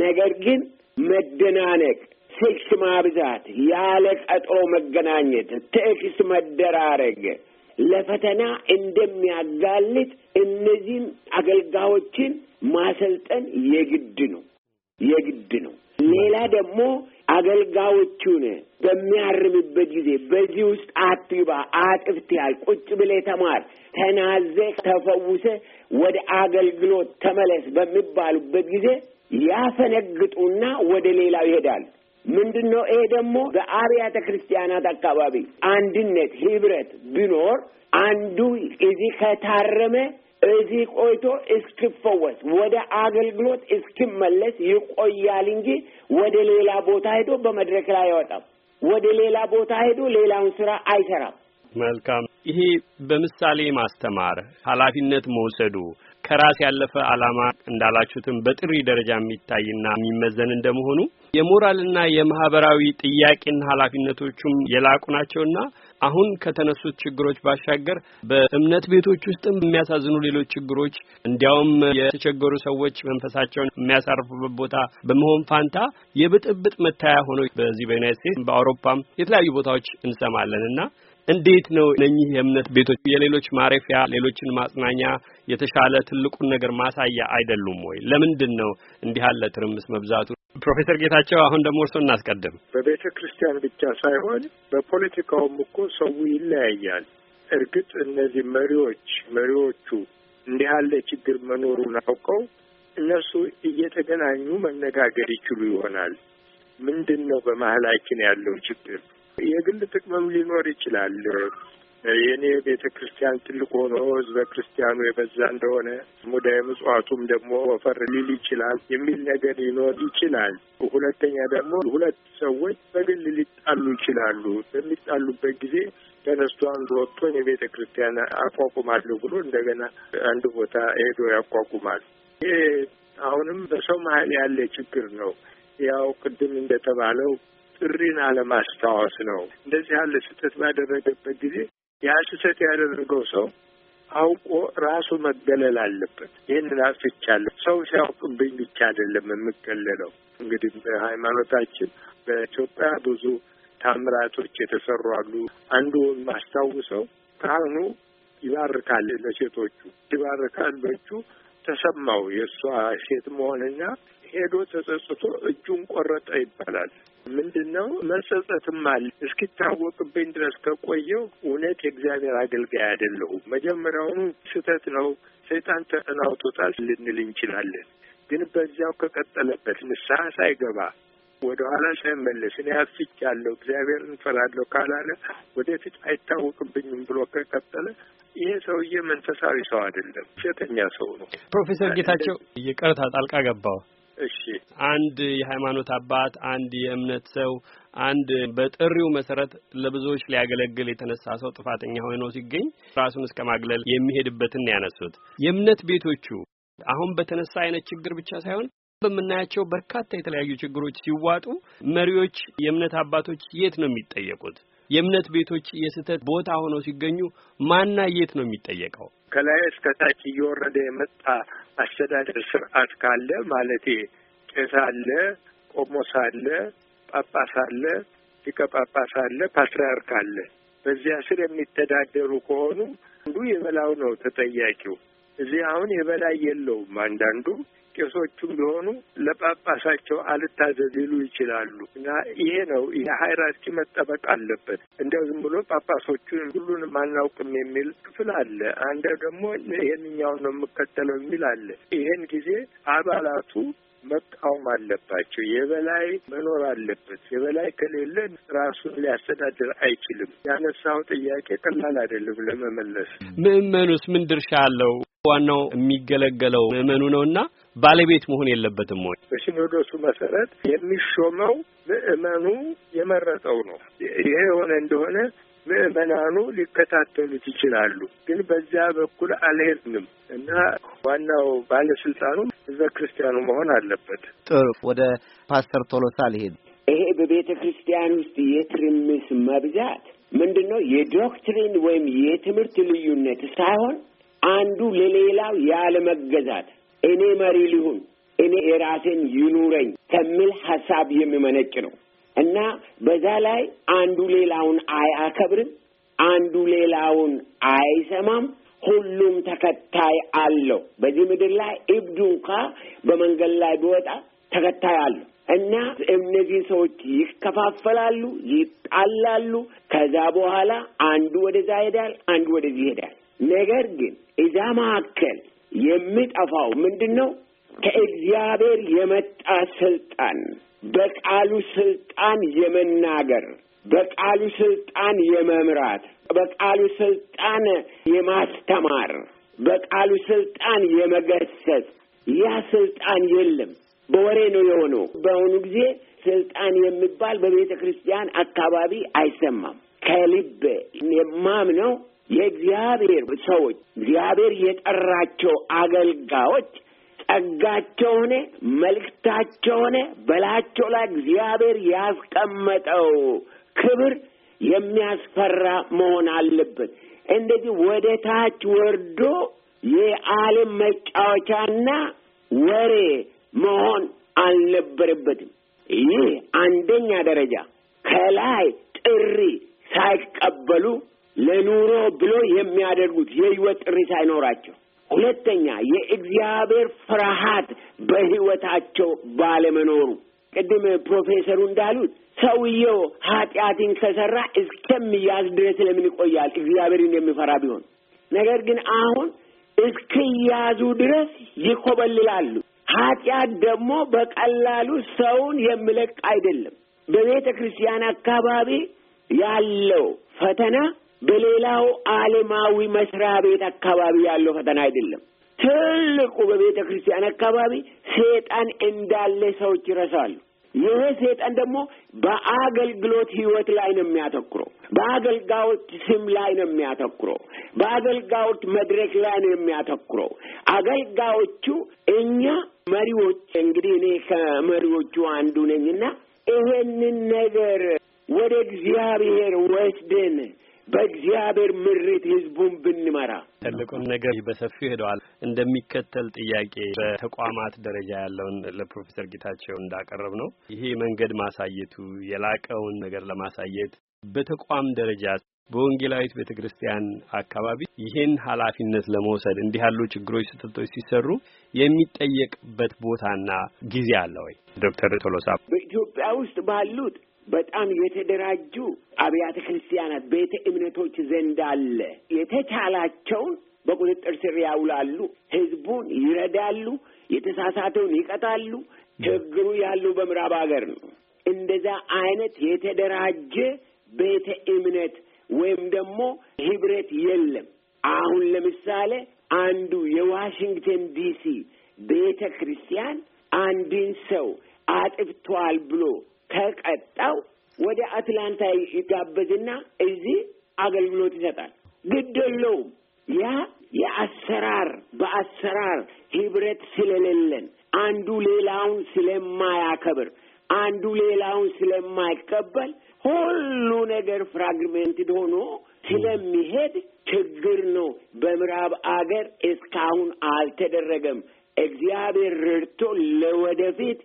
ነገር ግን መደናነቅ፣ ሴክስ ማብዛት፣ ያለ ቀጠሮ መገናኘት፣ ቴክስት መደራረግ ለፈተና እንደሚያጋልጥ እነዚህም አገልጋዮችን ማሰልጠን የግድ ነው የግድ ነው። ሌላ ደግሞ አገልጋዮቹን በሚያርምበት ጊዜ በዚህ ውስጥ አትግባ፣ ያል ቁጭ ብለ ተማር፣ ተናዘ፣ ተፈውሰ ወደ አገልግሎት ተመለስ በሚባሉበት ጊዜ ያፈነግጡና ወደ ሌላው ይሄዳሉ። ምንድን ነው ይሄ ደግሞ በአብያተ ክርስቲያናት አካባቢ አንድነት ህብረት ቢኖር አንዱ እዚህ ከታረመ እዚህ ቆይቶ እስክፈወስ ወደ አገልግሎት እስክመለስ ይቆያል እንጂ ወደ ሌላ ቦታ ሄዶ በመድረክ ላይ አይወጣም። ወደ ሌላ ቦታ ሄዶ ሌላውን ስራ አይሰራም። መልካም። ይሄ በምሳሌ ማስተማር ኃላፊነት መውሰዱ ከራስ ያለፈ ዓላማ እንዳላችሁትም በጥሪ ደረጃ የሚታይና የሚመዘን እንደመሆኑ የሞራልና የማህበራዊ ጥያቄና ኃላፊነቶቹም የላቁ ናቸውና አሁን ከተነሱት ችግሮች ባሻገር በእምነት ቤቶች ውስጥም የሚያሳዝኑ ሌሎች ችግሮች እንዲያውም የተቸገሩ ሰዎች መንፈሳቸውን የሚያሳርፉበት ቦታ በመሆን ፋንታ የብጥብጥ መታያ ሆኖ በዚህ በዩናይት ስቴትስ በአውሮፓም የተለያዩ ቦታዎች እንሰማለን እና እንዴት ነው እነኚህ የእምነት ቤቶች የሌሎች ማረፊያ፣ ሌሎችን ማጽናኛ፣ የተሻለ ትልቁን ነገር ማሳያ አይደሉም ወይ? ለምንድን ነው እንዲህ ያለ ትርምስ መብዛቱ? ፕሮፌሰር ጌታቸው አሁን ደግሞ እርሶ እናስቀድም። በቤተ ክርስቲያን ብቻ ሳይሆን በፖለቲካውም እኮ ሰው ይለያያል። እርግጥ እነዚህ መሪዎች መሪዎቹ እንዲህ ያለ ችግር መኖሩን አውቀው እነሱ እየተገናኙ መነጋገር ይችሉ ይሆናል። ምንድን ነው በመሀላችን ያለው ችግር የግል ጥቅምም ሊኖር ይችላል። የእኔ ቤተ ክርስቲያን ትልቅ ሆኖ ህዝበ ክርስቲያኑ የበዛ እንደሆነ ሙዳየ ምጽዋቱም ደግሞ ወፈር ሊል ይችላል የሚል ነገር ሊኖር ይችላል። ሁለተኛ ደግሞ ሁለት ሰዎች በግል ሊጣሉ ይችላሉ። በሚጣሉበት ጊዜ ተነስቶ አንዱ ወጥቶ የቤተ ክርስቲያን አቋቁማለሁ ብሎ እንደገና አንድ ቦታ ሄዶ ያቋቁማል። ይሄ አሁንም በሰው መሀል ያለ ችግር ነው። ያው ቅድም እንደተባለው ጥሪን አለማስታወስ ነው። እንደዚህ ያለ ስህተት ባደረገበት ጊዜ ያ ስህተት ያደረገው ሰው አውቆ ራሱ መገለል አለበት። ይህንን አጥፍቻለሁ ሰው ሲያውቅብኝ ብቻ አይደለም የምገለለው። እንግዲህ በሃይማኖታችን በኢትዮጵያ ብዙ ታምራቶች የተሰሩ አሉ። አንዱ ማስታውሰው ካህኑ ይባርካል፣ ለሴቶቹ ይባርካል። በእጁ ተሰማው የእሷ ሴት መሆንና ሄዶ ተጸጽቶ እጁን ቆረጠ ይባላል። ምንድን ነው መጸጸትም አለ። እስኪታወቅብኝ ድረስ ከቆየው እውነት የእግዚአብሔር አገልጋይ አይደለሁም። መጀመሪያውኑ ስህተት ነው፣ ሰይጣን ተጠናውቶታል ልንል እንችላለን። ግን በዚያው ከቀጠለበት ንስሐ ሳይገባ ወደኋላ ሳይመለስ እኔ አጥፍቻለሁ እግዚአብሔር እንፈራለሁ ካላለ ወደፊት አይታወቅብኝም ብሎ ከቀጠለ ይሄ ሰውዬ መንፈሳዊ ሰው አይደለም፣ ሴተኛ ሰው ነው። ፕሮፌሰር ጌታቸው ይቅርታ ጣልቃ ገባው እሺ አንድ የሃይማኖት አባት፣ አንድ የእምነት ሰው፣ አንድ በጥሪው መሰረት ለብዙዎች ሊያገለግል የተነሳ ሰው ጥፋተኛ ሆኖ ሲገኝ ራሱን እስከ ማግለል የሚሄድበትን ያነሱት የእምነት ቤቶቹ አሁን በተነሳ አይነት ችግር ብቻ ሳይሆን በምናያቸው በርካታ የተለያዩ ችግሮች ሲዋጡ መሪዎች፣ የእምነት አባቶች የት ነው የሚጠየቁት? የእምነት ቤቶች የስህተት ቦታ ሆኖ ሲገኙ ማና የት ነው የሚጠየቀው? ከላይ እስከ ታች እየወረደ የመጣ አስተዳደር ስርዓት ካለ ማለት ቄስ አለ፣ ቆሞስ አለ፣ ጳጳስ አለ፣ ሊቀ ጳጳስ አለ፣ ፓትርያርክ አለ። በዚያ ስር የሚተዳደሩ ከሆኑ አንዱ የበላው ነው ተጠያቂው። እዚህ አሁን የበላይ የለውም። አንዳንዱ ቄሶቹም ቢሆኑ ለጳጳሳቸው አልታዘዝ ሊሉ ይችላሉ እና ይሄ ነው ይሄ መጠበቅ አለበት። እንዲያው ዝም ብሎ ጳጳሶቹን ሁሉንም አናውቅም የሚል ክፍል አለ። አንደ ደግሞ ይህንኛው ነው የምከተለው የሚል አለ። ይሄን ጊዜ አባላቱ መቃወም አለባቸው። የበላይ መኖር አለበት። የበላይ ከሌለ ራሱን ሊያስተዳድር አይችልም። ያነሳው ጥያቄ ቀላል አይደለም ለመመለስ። ምዕመኑስ ምን ድርሻ አለው? ዋናው የሚገለገለው ምዕመኑ ነውና ባለቤት መሆን የለበትም ወይ? በሲኖዶሱ መሰረት የሚሾመው ምዕመኑ የመረጠው ነው። ይሄ የሆነ እንደሆነ ምዕመናኑ ሊከታተሉት ይችላሉ። ግን በዚያ በኩል አልሄድንም እና ዋናው ባለስልጣኑ እዛ ክርስቲያኑ መሆን አለበት። ጥሩ። ወደ ፓስተር ቶሎሳ ልሄድ። ይሄ በቤተ ክርስቲያን ውስጥ የትርምስ መብዛት ምንድን ነው? የዶክትሪን ወይም የትምህርት ልዩነት ሳይሆን አንዱ ለሌላው ያለመገዛት እኔ መሪ ሊሁን እኔ የራሴን ይኑረኝ ከሚል ሀሳብ የሚመነጭ ነው እና በዛ ላይ አንዱ ሌላውን አያከብርም፣ አንዱ ሌላውን አይሰማም። ሁሉም ተከታይ አለው። በዚህ ምድር ላይ እብዱ እንኳ በመንገድ ላይ ቢወጣ ተከታይ አለው እና እነዚህ ሰዎች ይከፋፈላሉ፣ ይጣላሉ። ከዛ በኋላ አንዱ ወደዛ ይሄዳል፣ አንዱ ወደዚህ ይሄዳል። ነገር ግን እዛ መካከል የሚጠፋው ምንድን ነው? ከእግዚአብሔር የመጣ ስልጣን፣ በቃሉ ስልጣን የመናገር፣ በቃሉ ስልጣን የመምራት፣ በቃሉ ስልጣን የማስተማር፣ በቃሉ ስልጣን የመገሰጽ ያ ስልጣን የለም። በወሬ ነው የሆነው። በአሁኑ ጊዜ ስልጣን የሚባል በቤተ ክርስቲያን አካባቢ አይሰማም። ከልብ የማምነው የእግዚአብሔር ሰዎች እግዚአብሔር የጠራቸው አገልጋዮች መልእክታቸው ሆነ በላቸው ላይ እግዚአብሔር ያስቀመጠው ክብር የሚያስፈራ መሆን አለበት። እንደዚህ ወደ ታች ወርዶ የዓለም መጫወቻና ወሬ መሆን አልነበረበትም። ይህ አንደኛ ደረጃ ከላይ ጥሪ ሳይቀበሉ ለኑሮ ብሎ የሚያደርጉት የህይወት ጥሪት አይኖራቸው ሁለተኛ የእግዚአብሔር ፍርሃት በህይወታቸው ባለመኖሩ ቅድም ፕሮፌሰሩ እንዳሉት ሰውየው ኃጢአትን ከሰራ እስከሚያዝ ድረስ ለምን ይቆያል? እግዚአብሔርን የሚፈራ ቢሆን። ነገር ግን አሁን እስክያዙ ድረስ ይኮበልላሉ። ኃጢአት ደግሞ በቀላሉ ሰውን የሚለቅ አይደለም። በቤተ ክርስቲያን አካባቢ ያለው ፈተና በሌላው ዓለማዊ መስሪያ ቤት አካባቢ ያለው ፈተና አይደለም። ትልቁ በቤተ ክርስቲያን አካባቢ ሴጣን እንዳለ ሰዎች ይረሳሉ። ይሄ ሴጣን ደግሞ በአገልግሎት ህይወት ላይ ነው የሚያተኩረው። በአገልጋዮች ስም ላይ ነው የሚያተኩረው። በአገልጋዮች መድረክ ላይ ነው የሚያተኩረው። አገልጋዮቹ እኛ መሪዎች፣ እንግዲህ እኔ ከመሪዎቹ አንዱ ነኝና ይሄንን ነገር ወደ እግዚአብሔር ወስደን በእግዚአብሔር ምሬት ህዝቡን ብንመራ ትልቁን ነገር በሰፊው ሄደዋል። እንደሚከተል ጥያቄ በተቋማት ደረጃ ያለውን ለፕሮፌሰር ጌታቸው እንዳቀረብ ነው ይሄ መንገድ ማሳየቱ የላቀውን ነገር ለማሳየት በተቋም ደረጃ በወንጌላዊት ቤተ ክርስቲያን አካባቢ ይህን ኃላፊነት ለመውሰድ እንዲህ ያሉ ችግሮች፣ ስህተቶች ሲሰሩ የሚጠየቅበት ቦታና ጊዜ አለ ወይ? ዶክተር ቶሎሳ በኢትዮጵያ ውስጥ ባሉት በጣም የተደራጁ አብያተ ክርስቲያናት ቤተ እምነቶች ዘንድ አለ። የተቻላቸውን በቁጥጥር ስር ያውላሉ፣ ህዝቡን ይረዳሉ፣ የተሳሳተውን ይቀጣሉ። ችግሩ ያለው በምዕራብ ሀገር ነው። እንደዛ አይነት የተደራጀ ቤተ እምነት ወይም ደግሞ ህብረት የለም። አሁን ለምሳሌ አንዱ የዋሽንግተን ዲሲ ቤተ ክርስቲያን አንድን ሰው አጥፍቷል ብሎ ከቀጣው ወደ አትላንታ ይጋበዝና እዚህ አገልግሎት ይሰጣል። ግድ የለውም። ያ የአሰራር በአሰራር ህብረት ስለሌለን አንዱ ሌላውን ስለማያከብር አንዱ ሌላውን ስለማይቀበል ሁሉ ነገር ፍራግሜንትድ ሆኖ ስለሚሄድ ችግር ነው። በምዕራብ አገር እስካሁን አልተደረገም። እግዚአብሔር ረድቶ ለወደፊት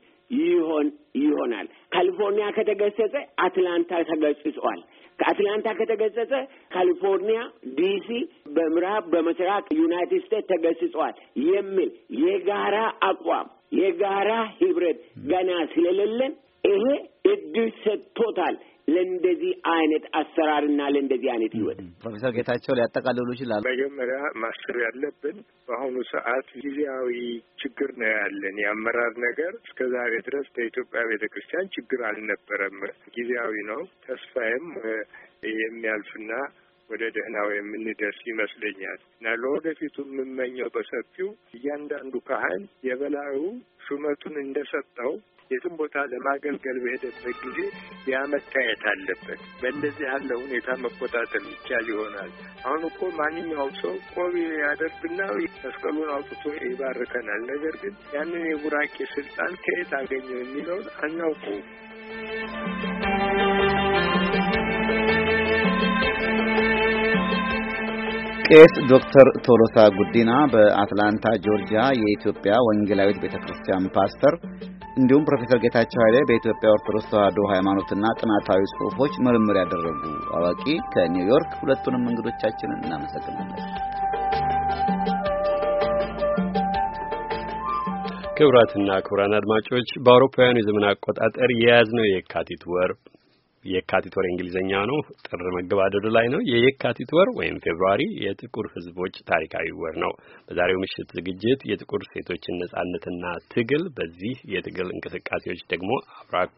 ይሆን ይሆናል። ካሊፎርኒያ ከተገሰጸ አትላንታ ተገጽጿል። ከአትላንታ ከተገሰጸ ካሊፎርኒያ፣ ዲሲ በምዕራብ በምስራቅ ዩናይትድ ስቴትስ ተገስጿል የሚል የጋራ አቋም የጋራ ህብረት ገና ስለሌለን ይሄ እድል ሰጥቶታል ለእንደዚህ አይነት አሰራርና ለእንደዚህ አይነት ህይወት ፕሮፌሰር ጌታቸው ሊያጠቃልሉ ይችላሉ። መጀመሪያ ማሰብ ያለብን በአሁኑ ሰዓት ጊዜያዊ ችግር ነው ያለን። የአመራር ነገር እስከ ዛሬ ድረስ በኢትዮጵያ ቤተ ክርስቲያን ችግር አልነበረም። ጊዜያዊ ነው። ተስፋዬም የሚያልፍና ወደ ደህናው የምንደርስ ይመስለኛል እና ለወደፊቱ የምመኘው በሰፊው እያንዳንዱ ካህን የበላዩ ሹመቱን እንደሰጠው የትም ቦታ ለማገልገል በሄደበት ጊዜ ያ መታየት አለበት። በእንደዚህ ያለ ሁኔታ መቆጣጠር ይቻል ይሆናል። አሁን እኮ ማንኛውም ሰው ቆብ ያደርግና መስቀሉን አውጥቶ ይባርከናል። ነገር ግን ያንን የቡራኬ ስልጣን ከየት አገኘው የሚለውን አናውቁም። ቄስ ዶክተር ቶሎሳ ጉዲና በአትላንታ ጆርጂያ የኢትዮጵያ ወንጌላዊት ቤተ ክርስቲያን ፓስተር እንዲሁም ፕሮፌሰር ጌታቸው ኃይሌ በኢትዮጵያ ኦርቶዶክስ ተዋሕዶ ሃይማኖትና ጥናታዊ ጽሑፎች ምርምር ያደረጉ አዋቂ ከኒውዮርክ ሁለቱንም እንግዶቻችንን እናመሰግናለን። ክቡራትና ክቡራን አድማጮች በአውሮፓውያኑ የዘመን አቆጣጠር የያዝነው የካቲት ወር የካቲት ወር እንግሊዘኛ ነው። ጥር መገባደዱ ላይ ነው። የየካቲት ወር ወይም ፌብሩዋሪ የጥቁር ሕዝቦች ታሪካዊ ወር ነው። በዛሬው ምሽት ዝግጅት የጥቁር ሴቶችን ነጻነትና ትግል፣ በዚህ የትግል እንቅስቃሴዎች ደግሞ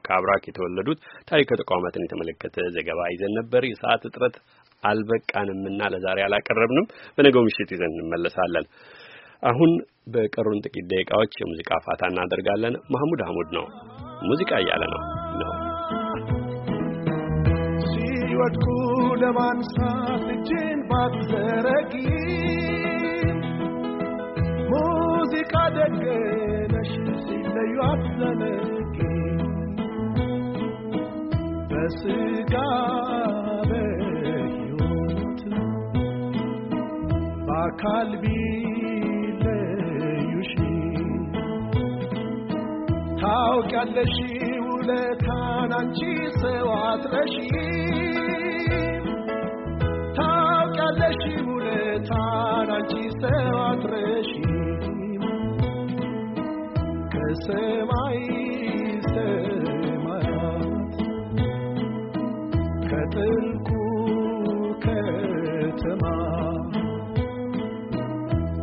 ከአብራክ የተወለዱት ታሪካዊ ተቋማትን የተመለከተ ዘገባ ይዘን ነበር። የሰዓት እጥረት አልበቃንምና ለዛሬ አላቀረብንም። በነገው ምሽት ይዘን እንመለሳለን። አሁን በቀሩን ጥቂት ደቂቃዎች የሙዚቃ ፋታ እናደርጋለን። ማህሙድ አህሙድ ነው ሙዚቃ እያለ ነው ነው ሲወድቁ ለማንሳት እጅን ባትዘረጊ ሙዚቃ ደገነሽ ሲለዩ አትዘነጊ በስጋ በሕይወት በአካል ቢለዩሽ ታውቂያለሽ ውለታን አንቺ ሰው አትለሽ ከሰማይ ከጥልቁ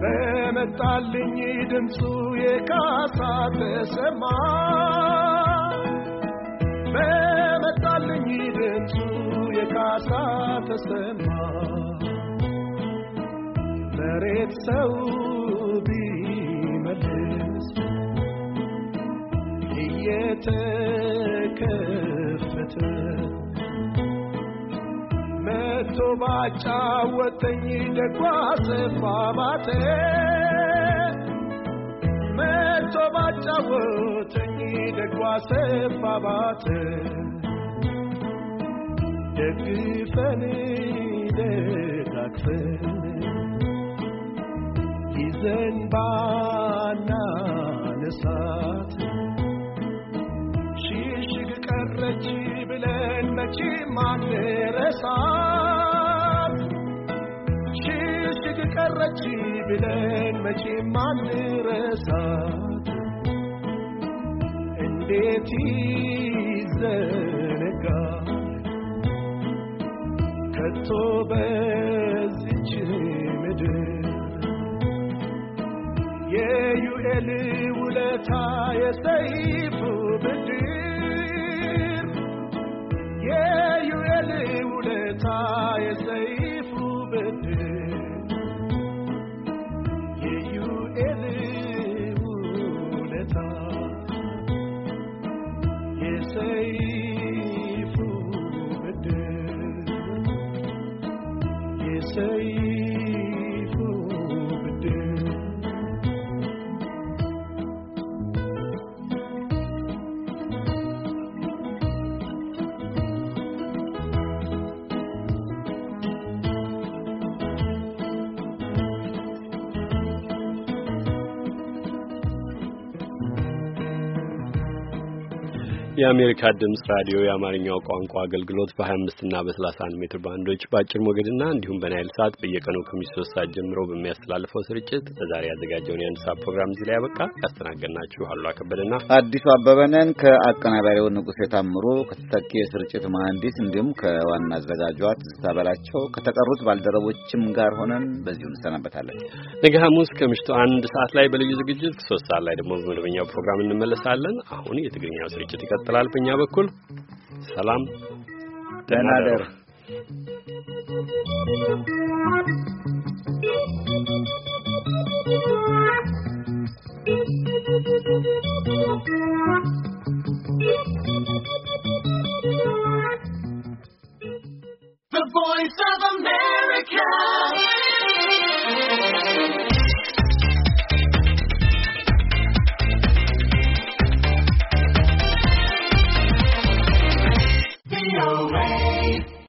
በመጣልኝ ድምፁ የካሳ ተሰማ በመጣልኝ ድምፁ የካሳ ተሰማ መሬት ሰው ቢመልስ እየተከፈተ መቶ ባጫወተኝ ደጓ ማቴ መቶ ባጫወተኝ ደጓ ማቴ ደግፈን ደግፈን በእንባና ንሳት ሽሽግ ቀረች ብለን መቼም አንረሳት ሽሽግ ቀረች ብለን መቼም አንረሳት እንዴት ይዘነጋል ከቶ በ የድል ውለታ የሰይፉ ብድር የዩኤል ውለታ የሰይ የአሜሪካ ድምጽ ራዲዮ የአማርኛው ቋንቋ አገልግሎት በ25 እና በ31 ሜትር ባንዶች በአጭር ሞገድና እንዲሁም በናይል ሰዓት በየቀኑ ከምሽቱ ሶስት ሰዓት ጀምሮ በሚያስተላልፈው ስርጭት በዛሬ ያዘጋጀውን የአንድ ሰዓት ፕሮግራም እዚህ ላይ ያበቃ። ያስተናገድናችሁ አሉ አከበደና አዲሱ አበበነን ከአቀናባሪው ንጉሥ የታምሩ ከተተኪ የስርጭት መሐንዲስ እንዲሁም ከዋና አዘጋጇ ትዝታ በላቸው ከተቀሩት ባልደረቦችም ጋር ሆነን በዚሁ እንሰናበታለን። ነገ ሐሙስ ከምሽቱ አንድ ሰዓት ላይ በልዩ ዝግጅት ሶስት ሰዓት ላይ ደግሞ በመደበኛው ፕሮግራም እንመለሳለን። አሁን የትግርኛው ስርጭት ይቀጥል። ይቀጥላል። በእኛ በኩል ሰላም፣ ደህና The Voice of America.